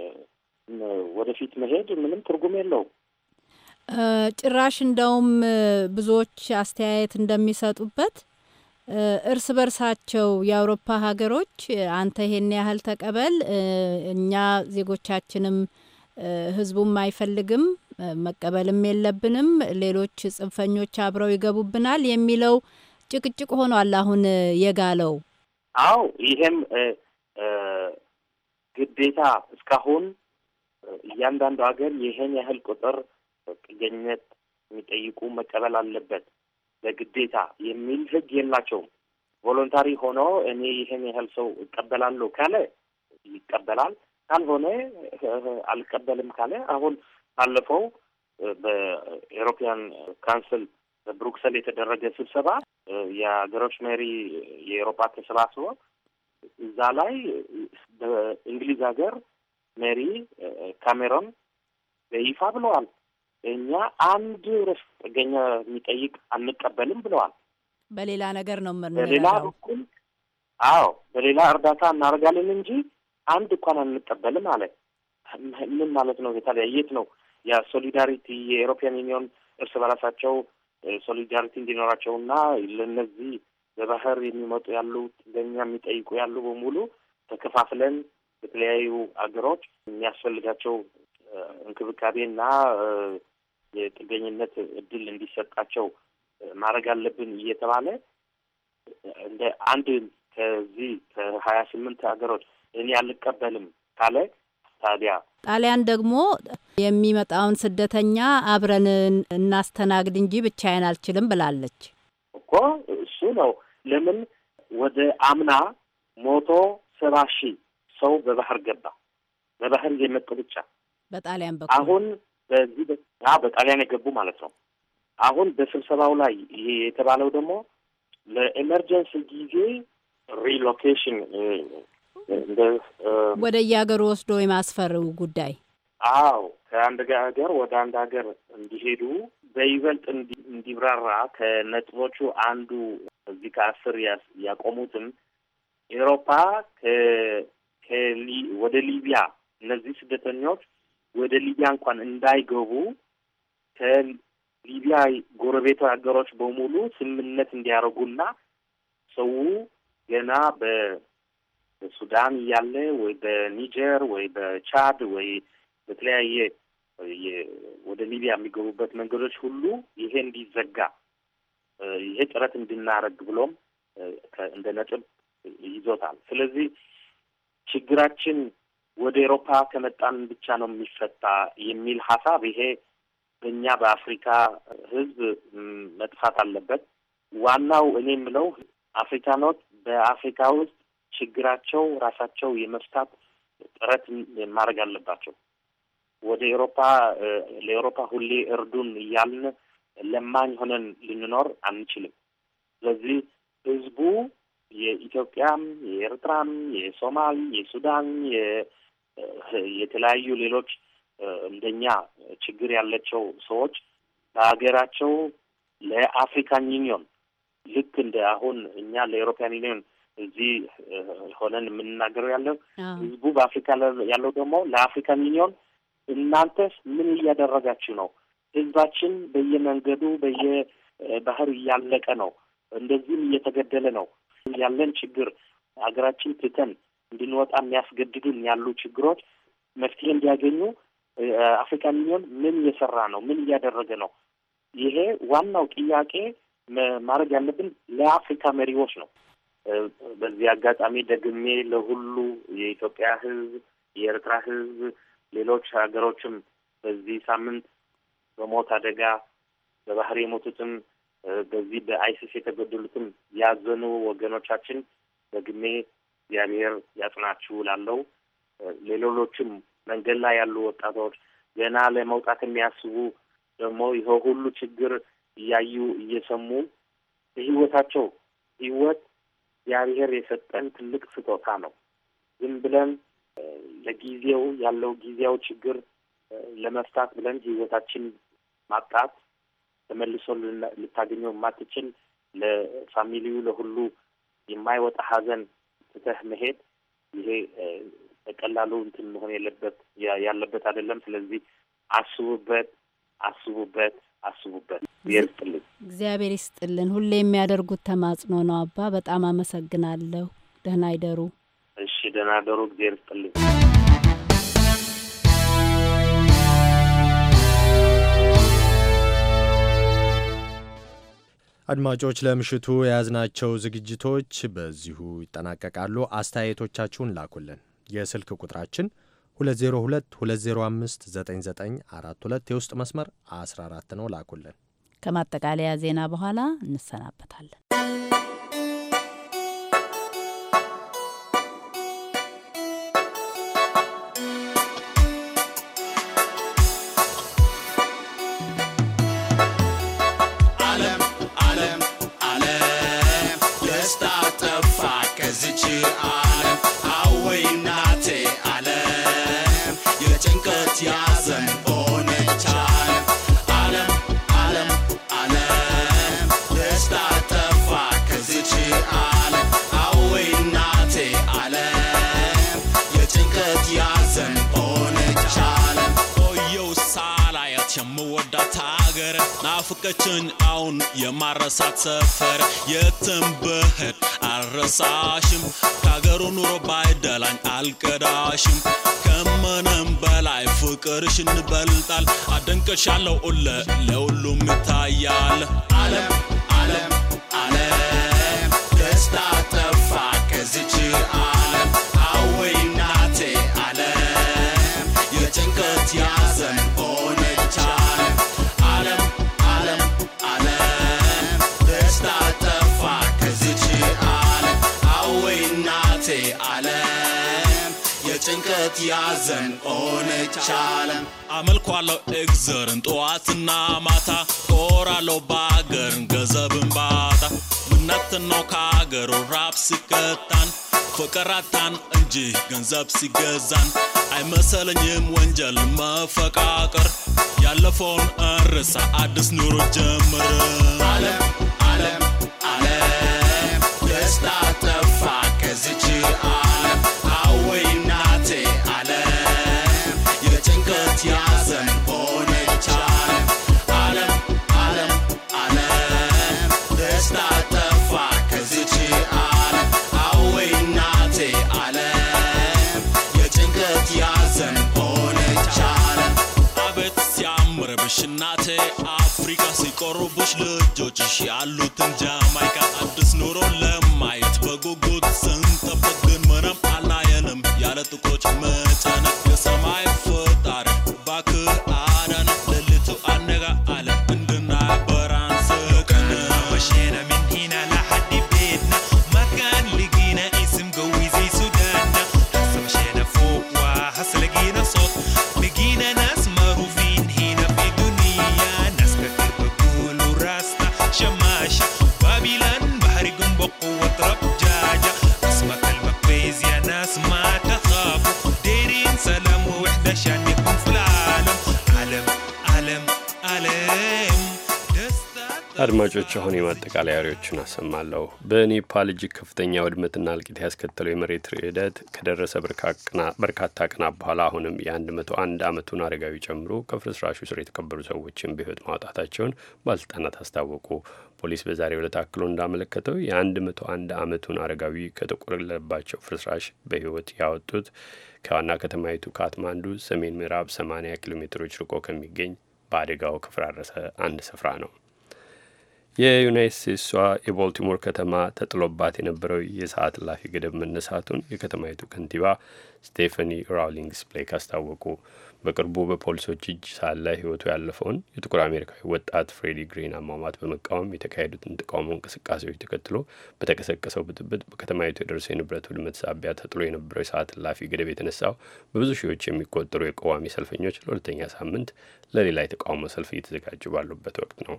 ወደፊት መሄድ ምንም ትርጉም የለውም። ጭራሽ እንደውም ብዙዎች አስተያየት እንደሚሰጡበት እርስ በርሳቸው የአውሮፓ ሀገሮች አንተ ይሄን ያህል ተቀበል፣ እኛ ዜጎቻችንም ህዝቡም አይፈልግም መቀበልም የለብንም፣ ሌሎች ጽንፈኞች አብረው ይገቡብናል የሚለው ጭቅጭቅ ሆኗል አሁን የጋለው። አዎ ይሄም ግዴታ እስካሁን እያንዳንዱ ሀገር ይሄን ያህል ቁጥር ጥገኝነት የሚጠይቁ መቀበል አለበት በግዴታ የሚል ህግ የላቸውም። ቮሎንታሪ ሆኖ እኔ ይህን ያህል ሰው እቀበላለሁ ካለ ይቀበላል፣ ካልሆነ አልቀበልም ካለ አሁን ባለፈው በኤሮፒያን ካውንስል በብሩክሰል የተደረገ ስብሰባ የሀገሮች መሪ የኤሮፓ ተሰባስቦ እዛ ላይ በእንግሊዝ ሀገር መሪ ካሜሮን በይፋ ብለዋል እኛ አንድ ርስ ጥገኛ የሚጠይቅ አንቀበልም ብለዋል። በሌላ ነገር ነው ምን በሌላ በኩል አዎ፣ በሌላ እርዳታ እናደርጋለን እንጂ አንድ እንኳን አንቀበልም አለ። ምን ማለት ነው? የታዲያ የት ነው የሶሊዳሪቲ የኤሮፒያን ዩኒዮን እርስ በራሳቸው ሶሊዳሪቲ እንዲኖራቸው እና ለእነዚህ በባህር የሚመጡ ያሉ ጥገኛ የሚጠይቁ ያሉ በሙሉ ተከፋፍለን በተለያዩ አገሮች የሚያስፈልጋቸው እንክብካቤና የጥገኝነት እድል እንዲሰጣቸው ማድረግ አለብን እየተባለ እንደ አንድ ከዚህ ከሀያ ስምንት ሀገሮች እኔ አልቀበልም ካለ ታዲያ ጣሊያን ደግሞ የሚመጣውን ስደተኛ አብረን እናስተናግድ እንጂ ብቻዬን አልችልም ብላለች እኮ። እሱ ነው ለምን ወደ አምና ሞቶ ሰባ ሺህ ሰው በባህር ገባ። በባህር የመጡ ብቻ በጣሊያን በኩል አሁን በዚህ በጣሊያን የገቡ ማለት ነው። አሁን በስብሰባው ላይ ይሄ የተባለው ደግሞ ለኤመርጀንሲ ጊዜ ሪሎኬሽን ወደ የሀገሩ ወስዶ የማስፈሩ ጉዳይ አዎ ከአንድ ሀገር ወደ አንድ ሀገር እንዲሄዱ በይበልጥ እንዲብራራ ከነጥቦቹ አንዱ እዚህ ከአስር ያቆሙትን ኤውሮፓ ወደ ሊቢያ እነዚህ ስደተኞች ወደ ሊቢያ እንኳን እንዳይገቡ ከሊቢያ ጎረቤት ሀገሮች በሙሉ ስምምነት እንዲያደርጉና ሰው ገና በሱዳን እያለ ወይ በኒጀር ወይ በቻድ ወይ በተለያየ ወደ ሊቢያ የሚገቡበት መንገዶች ሁሉ ይሄ እንዲዘጋ ይሄ ጥረት እንድናረግ ብሎም እንደ ነጥብ ይዞታል። ስለዚህ ችግራችን ወደ ኤሮፓ ከመጣን ብቻ ነው የሚፈታ የሚል ሀሳብ ይሄ በእኛ በአፍሪካ ህዝብ መጥፋት አለበት። ዋናው እኔ የምለው አፍሪካኖች በአፍሪካ ውስጥ ችግራቸው ራሳቸው የመፍታት ጥረት ማድረግ አለባቸው። ወደ ኤሮፓ ለኤሮፓ ሁሌ እርዱን እያልን ለማኝ ሆነን ልንኖር አንችልም። ስለዚህ ህዝቡ የኢትዮጵያም፣ የኤርትራም፣ የሶማል፣ የሱዳን የተለያዩ ሌሎች እንደኛ ችግር ያላቸው ሰዎች በሀገራቸው ለአፍሪካን ዩኒዮን ልክ እንደ አሁን እኛ ለኤሮፓያን ዩኒዮን እዚህ ሆነን የምንናገረው ያለው ህዝቡ በአፍሪካ ያለው ደግሞ ለአፍሪካን ዩኒዮን እናንተስ ምን እያደረጋችሁ ነው? ህዝባችን በየመንገዱ በየባህር እያለቀ ነው፣ እንደዚህም እየተገደለ ነው። ያለን ችግር ሀገራችን ትተን እንድንወጣ የሚያስገድዱን ያሉ ችግሮች መፍትሄ እንዲያገኙ አፍሪካን ዩኒዮን ምን እየሰራ ነው? ምን እያደረገ ነው? ይሄ ዋናው ጥያቄ ማድረግ ያለብን ለአፍሪካ መሪዎች ነው። በዚህ አጋጣሚ ደግሜ ለሁሉ የኢትዮጵያ ሕዝብ፣ የኤርትራ ሕዝብ፣ ሌሎች ሀገሮችም በዚህ ሳምንት በሞት አደጋ በባህር የሞቱትም በዚህ በአይሲስ የተገደሉትም ያዘኑ ወገኖቻችን ደግሜ እግዚአብሔር ያጽናችሁ ላለው ለሌሎችም መንገድ ላይ ያሉ ወጣቶች ገና ለመውጣት የሚያስቡ ደግሞ ይኸ ሁሉ ችግር እያዩ እየሰሙ በህይወታቸው ህይወት እግዚአብሔር የሰጠን ትልቅ ስጦታ ነው። ዝም ብለን ለጊዜው ያለው ጊዜያው ችግር ለመፍታት ብለን ህይወታችን ማጣት ተመልሶ ልታገኘው የማትችል ለፋሚሊው ለሁሉ የማይወጣ ሀዘን ትተህ መሄድ ይሄ በቀላሉ እንትን መሆን የለበት ያለበት አይደለም። ስለዚህ አስቡበት፣ አስቡበት፣ አስቡበት። ይስጥልን፣ እግዚአብሔር ይስጥልን። ሁሌ የሚያደርጉት ተማጽኖ ነው። አባ በጣም አመሰግናለሁ። ደህና አይደሩ። እሺ፣ ደህና ደሩ። እግዚአብሔር ይስጥልኝ። አድማጮች ለምሽቱ የያዝናቸው ዝግጅቶች በዚሁ ይጠናቀቃሉ። አስተያየቶቻችሁን ላኩልን። የስልክ ቁጥራችን 2022059942 የውስጥ መስመር 14 ነው። ላኩልን። ከማጠቃለያ ዜና በኋላ እንሰናበታለን። ያስናቀችን አሁን የማረሳት ሰፈር የትም ብህድ አረሳሽም ከሀገሩ ኑሮ ባይደላኝ አልቀዳሽም ከምንም በላይ ፍቅርሽ እንበልጣል አደንቅሻለሁ ለ ለሁሉም ይታያል አለም በጭንቀት ያዘን ሆነች አለም። አመልኳለሁ እግዘርን ጠዋትና ማታ፣ እኖራለሁ በአገርን ገንዘብን ባታ ምነትን ከአገሩ ራብ ሲከታን ፍቅራታን እንጂ ገንዘብ ሲገዛን አይመሰለኝም ወንጀል መፈቃቀር። ያለፈውን እርሳ አዲስ ኑሮ ጀምር። አለም አለም አለም ደስታ ጠፋ አ ልጆች ልጆችሽ ያሉትን ጃማይካ አዲስ ኑሮላ አድማጮች አሁን የማጠቃለያ ሪዎችን አሰማለሁ። በኔፓል እጅግ ከፍተኛ ውድመትና እልቂት ያስከተለው የመሬት ርዕደት ከደረሰ በርካታ ቀናት በኋላ አሁንም የ101 ዓመቱን አረጋዊ ጨምሮ ከፍርስራሹ ስር የተቀበሩ ሰዎችን በህይወት ማውጣታቸውን ባለስልጣናት አስታወቁ። ፖሊስ በዛሬው ዕለት አክሎ እንዳመለከተው የ101 ዓመቱን አረጋዊ ከተቆለለባቸው ፍርስራሽ በህይወት ያወጡት ከዋና ከተማይቱ ካትማንዱ ሰሜን ምዕራብ 80 ኪሎ ሜትሮች ርቆ ከሚገኝ በአደጋው ከፈራረሰ አንድ ስፍራ ነው። የዩናይት ስቴትሷ የቦልቲሞር ከተማ ተጥሎባት የነበረው የሰዓት እላፊ ገደብ መነሳቱን የከተማይቱ ከንቲባ ስቴፈኒ ራውሊንግስ ብሌክ አስታወቁ። በቅርቡ በፖሊሶች እጅ ሳለ ሕይወቱ ያለፈውን የጥቁር አሜሪካዊ ወጣት ፍሬዲ ግሪን አሟሟት በመቃወም የተካሄዱትን ተቃውሞ እንቅስቃሴዎች ተከትሎ በተቀሰቀሰው ብጥብጥ በከተማይቱ የደረሰው የንብረት ውድመት ሳቢያ ተጥሎ የነበረው የሰዓት እላፊ ገደብ የተነሳው በብዙ ሺዎች የሚቆጠሩ የቀዋሚ ሰልፈኞች ለሁለተኛ ሳምንት ለሌላ የተቃውሞ ሰልፍ እየተዘጋጁ ባሉበት ወቅት ነው።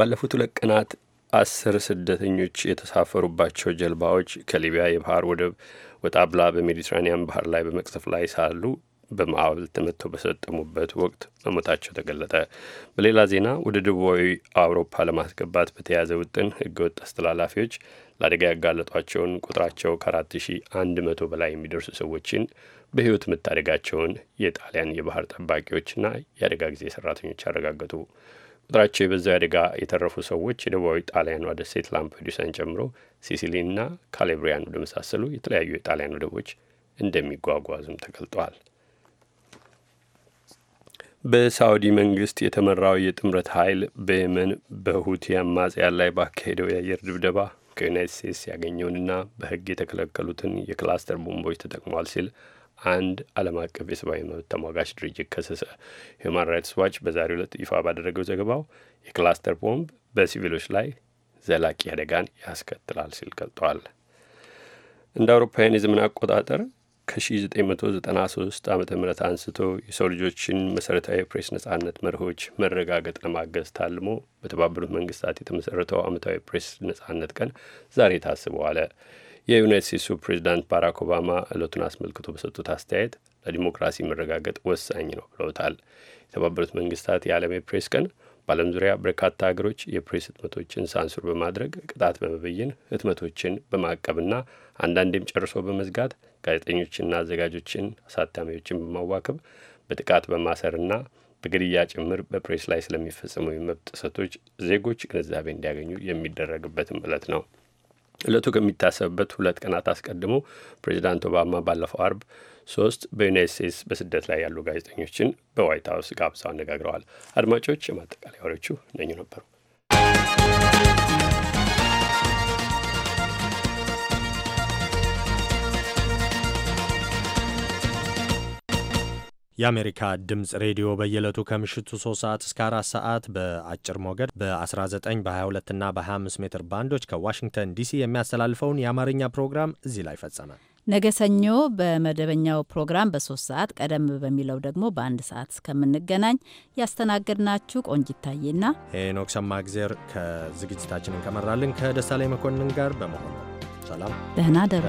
ባለፉት ሁለት ቀናት አስር ስደተኞች የተሳፈሩባቸው ጀልባዎች ከሊቢያ የባህር ወደብ ወጣ ብላ በሜዲትራኒያን ባህር ላይ በመቅዘፍ ላይ ሳሉ በማዕበል ተመትተው በሰጠሙበት ወቅት መሞታቸው ተገለጠ። በሌላ ዜና ወደ ደቡባዊ አውሮፓ ለማስገባት በተያዘ ውጥን ህገወጥ አስተላላፊዎች ለአደጋ ያጋለጧቸውን ቁጥራቸው ከ4100 በላይ የሚደርሱ ሰዎችን በህይወት መታደጋቸውን የጣሊያን የባህር ጠባቂዎችና የአደጋ ጊዜ ሰራተኞች አረጋገጡ። ቁጥራቸው የበዛ አደጋ የተረፉ ሰዎች የደቡባዊ ጣሊያን ደሴት ላምፔዱሳን ጨምሮ ሲሲሊና ካሌብሪያን ወደ መሳሰሉ የተለያዩ የጣሊያን ወደቦች እንደሚጓጓዙም ተገልጧል። በሳውዲ መንግስት የተመራው የጥምረት ኃይል በየመን በሁቲ አማጽያን ላይ ባካሄደው የአየር ድብደባ ከዩናይት ስቴትስ ያገኘውንና በሕግ የተከለከሉትን የክላስተር ቦምቦች ተጠቅሟል ሲል አንድ ዓለም አቀፍ የሰብአዊ መብት ተሟጋች ድርጅት ከሰሰ። ሁማን ራይትስ ዋች በዛሬው ዕለት ይፋ ባደረገው ዘገባው የክላስተር ቦምብ በሲቪሎች ላይ ዘላቂ አደጋን ያስከትላል ሲል ገልጠዋል። እንደ አውሮፓውያን የዘመን አቆጣጠር ከ1993 ዓ ም አንስቶ የሰው ልጆችን መሠረታዊ የፕሬስ ነጻነት መርሆች መረጋገጥ ለማገዝ ታልሞ በተባበሩት መንግስታት የተመሠረተው ዓመታዊ የፕሬስ ነጻነት ቀን ዛሬ ታስበዋለ። የዩናይት ስቴትሱ ፕሬዚዳንት ባራክ ኦባማ እለቱን አስመልክቶ በሰጡት አስተያየት ለዲሞክራሲ መረጋገጥ ወሳኝ ነው ብለውታል። የተባበሩት መንግስታት የዓለም የፕሬስ ቀን በዓለም ዙሪያ በርካታ ሀገሮች የፕሬስ ህትመቶችን ሳንሱር በማድረግ ቅጣት በመበየን ህትመቶችን በማቀብና አንዳንዴም ጨርሶ በመዝጋት ጋዜጠኞችና አዘጋጆችን፣ አሳታሚዎችን በማዋከብ በጥቃት በማሰርና በግድያ ጭምር በፕሬስ ላይ ስለሚፈጸሙ የመብት ጥሰቶች ዜጎች ግንዛቤ እንዲያገኙ የሚደረግበትም እለት ነው። እለቱ ከሚታሰብበት ሁለት ቀናት አስቀድሞ ፕሬዚዳንት ኦባማ ባለፈው አርብ ሶስት በዩናይት ስቴትስ በስደት ላይ ያሉ ጋዜጠኞችን በዋይት ሀውስ ጋብዘው አነጋግረዋል። አድማጮች የማጠቃለያ ወሬዎቹ እነኙ ነበሩ። የአሜሪካ ድምፅ ሬዲዮ በየዕለቱ ከምሽቱ 3 ሰዓት እስከ 4 ሰዓት በአጭር ሞገድ በ19 በ22 እና በ25 ሜትር ባንዶች ከዋሽንግተን ዲሲ የሚያስተላልፈውን የአማርኛ ፕሮግራም እዚህ ላይ ፈጸመ። ነገ ሰኞ በመደበኛው ፕሮግራም በሶስት ሰዓት ቀደም በሚለው ደግሞ በአንድ ሰዓት እስከምንገናኝ ያስተናገድናችሁ ቆንጅ ታዬና ሄኖክ ሰማእግዜር ከዝግጅታችንን ከመራልን ከደሳላይ መኮንን ጋር በመሆን ሰላም፣ ደህና ደሩ።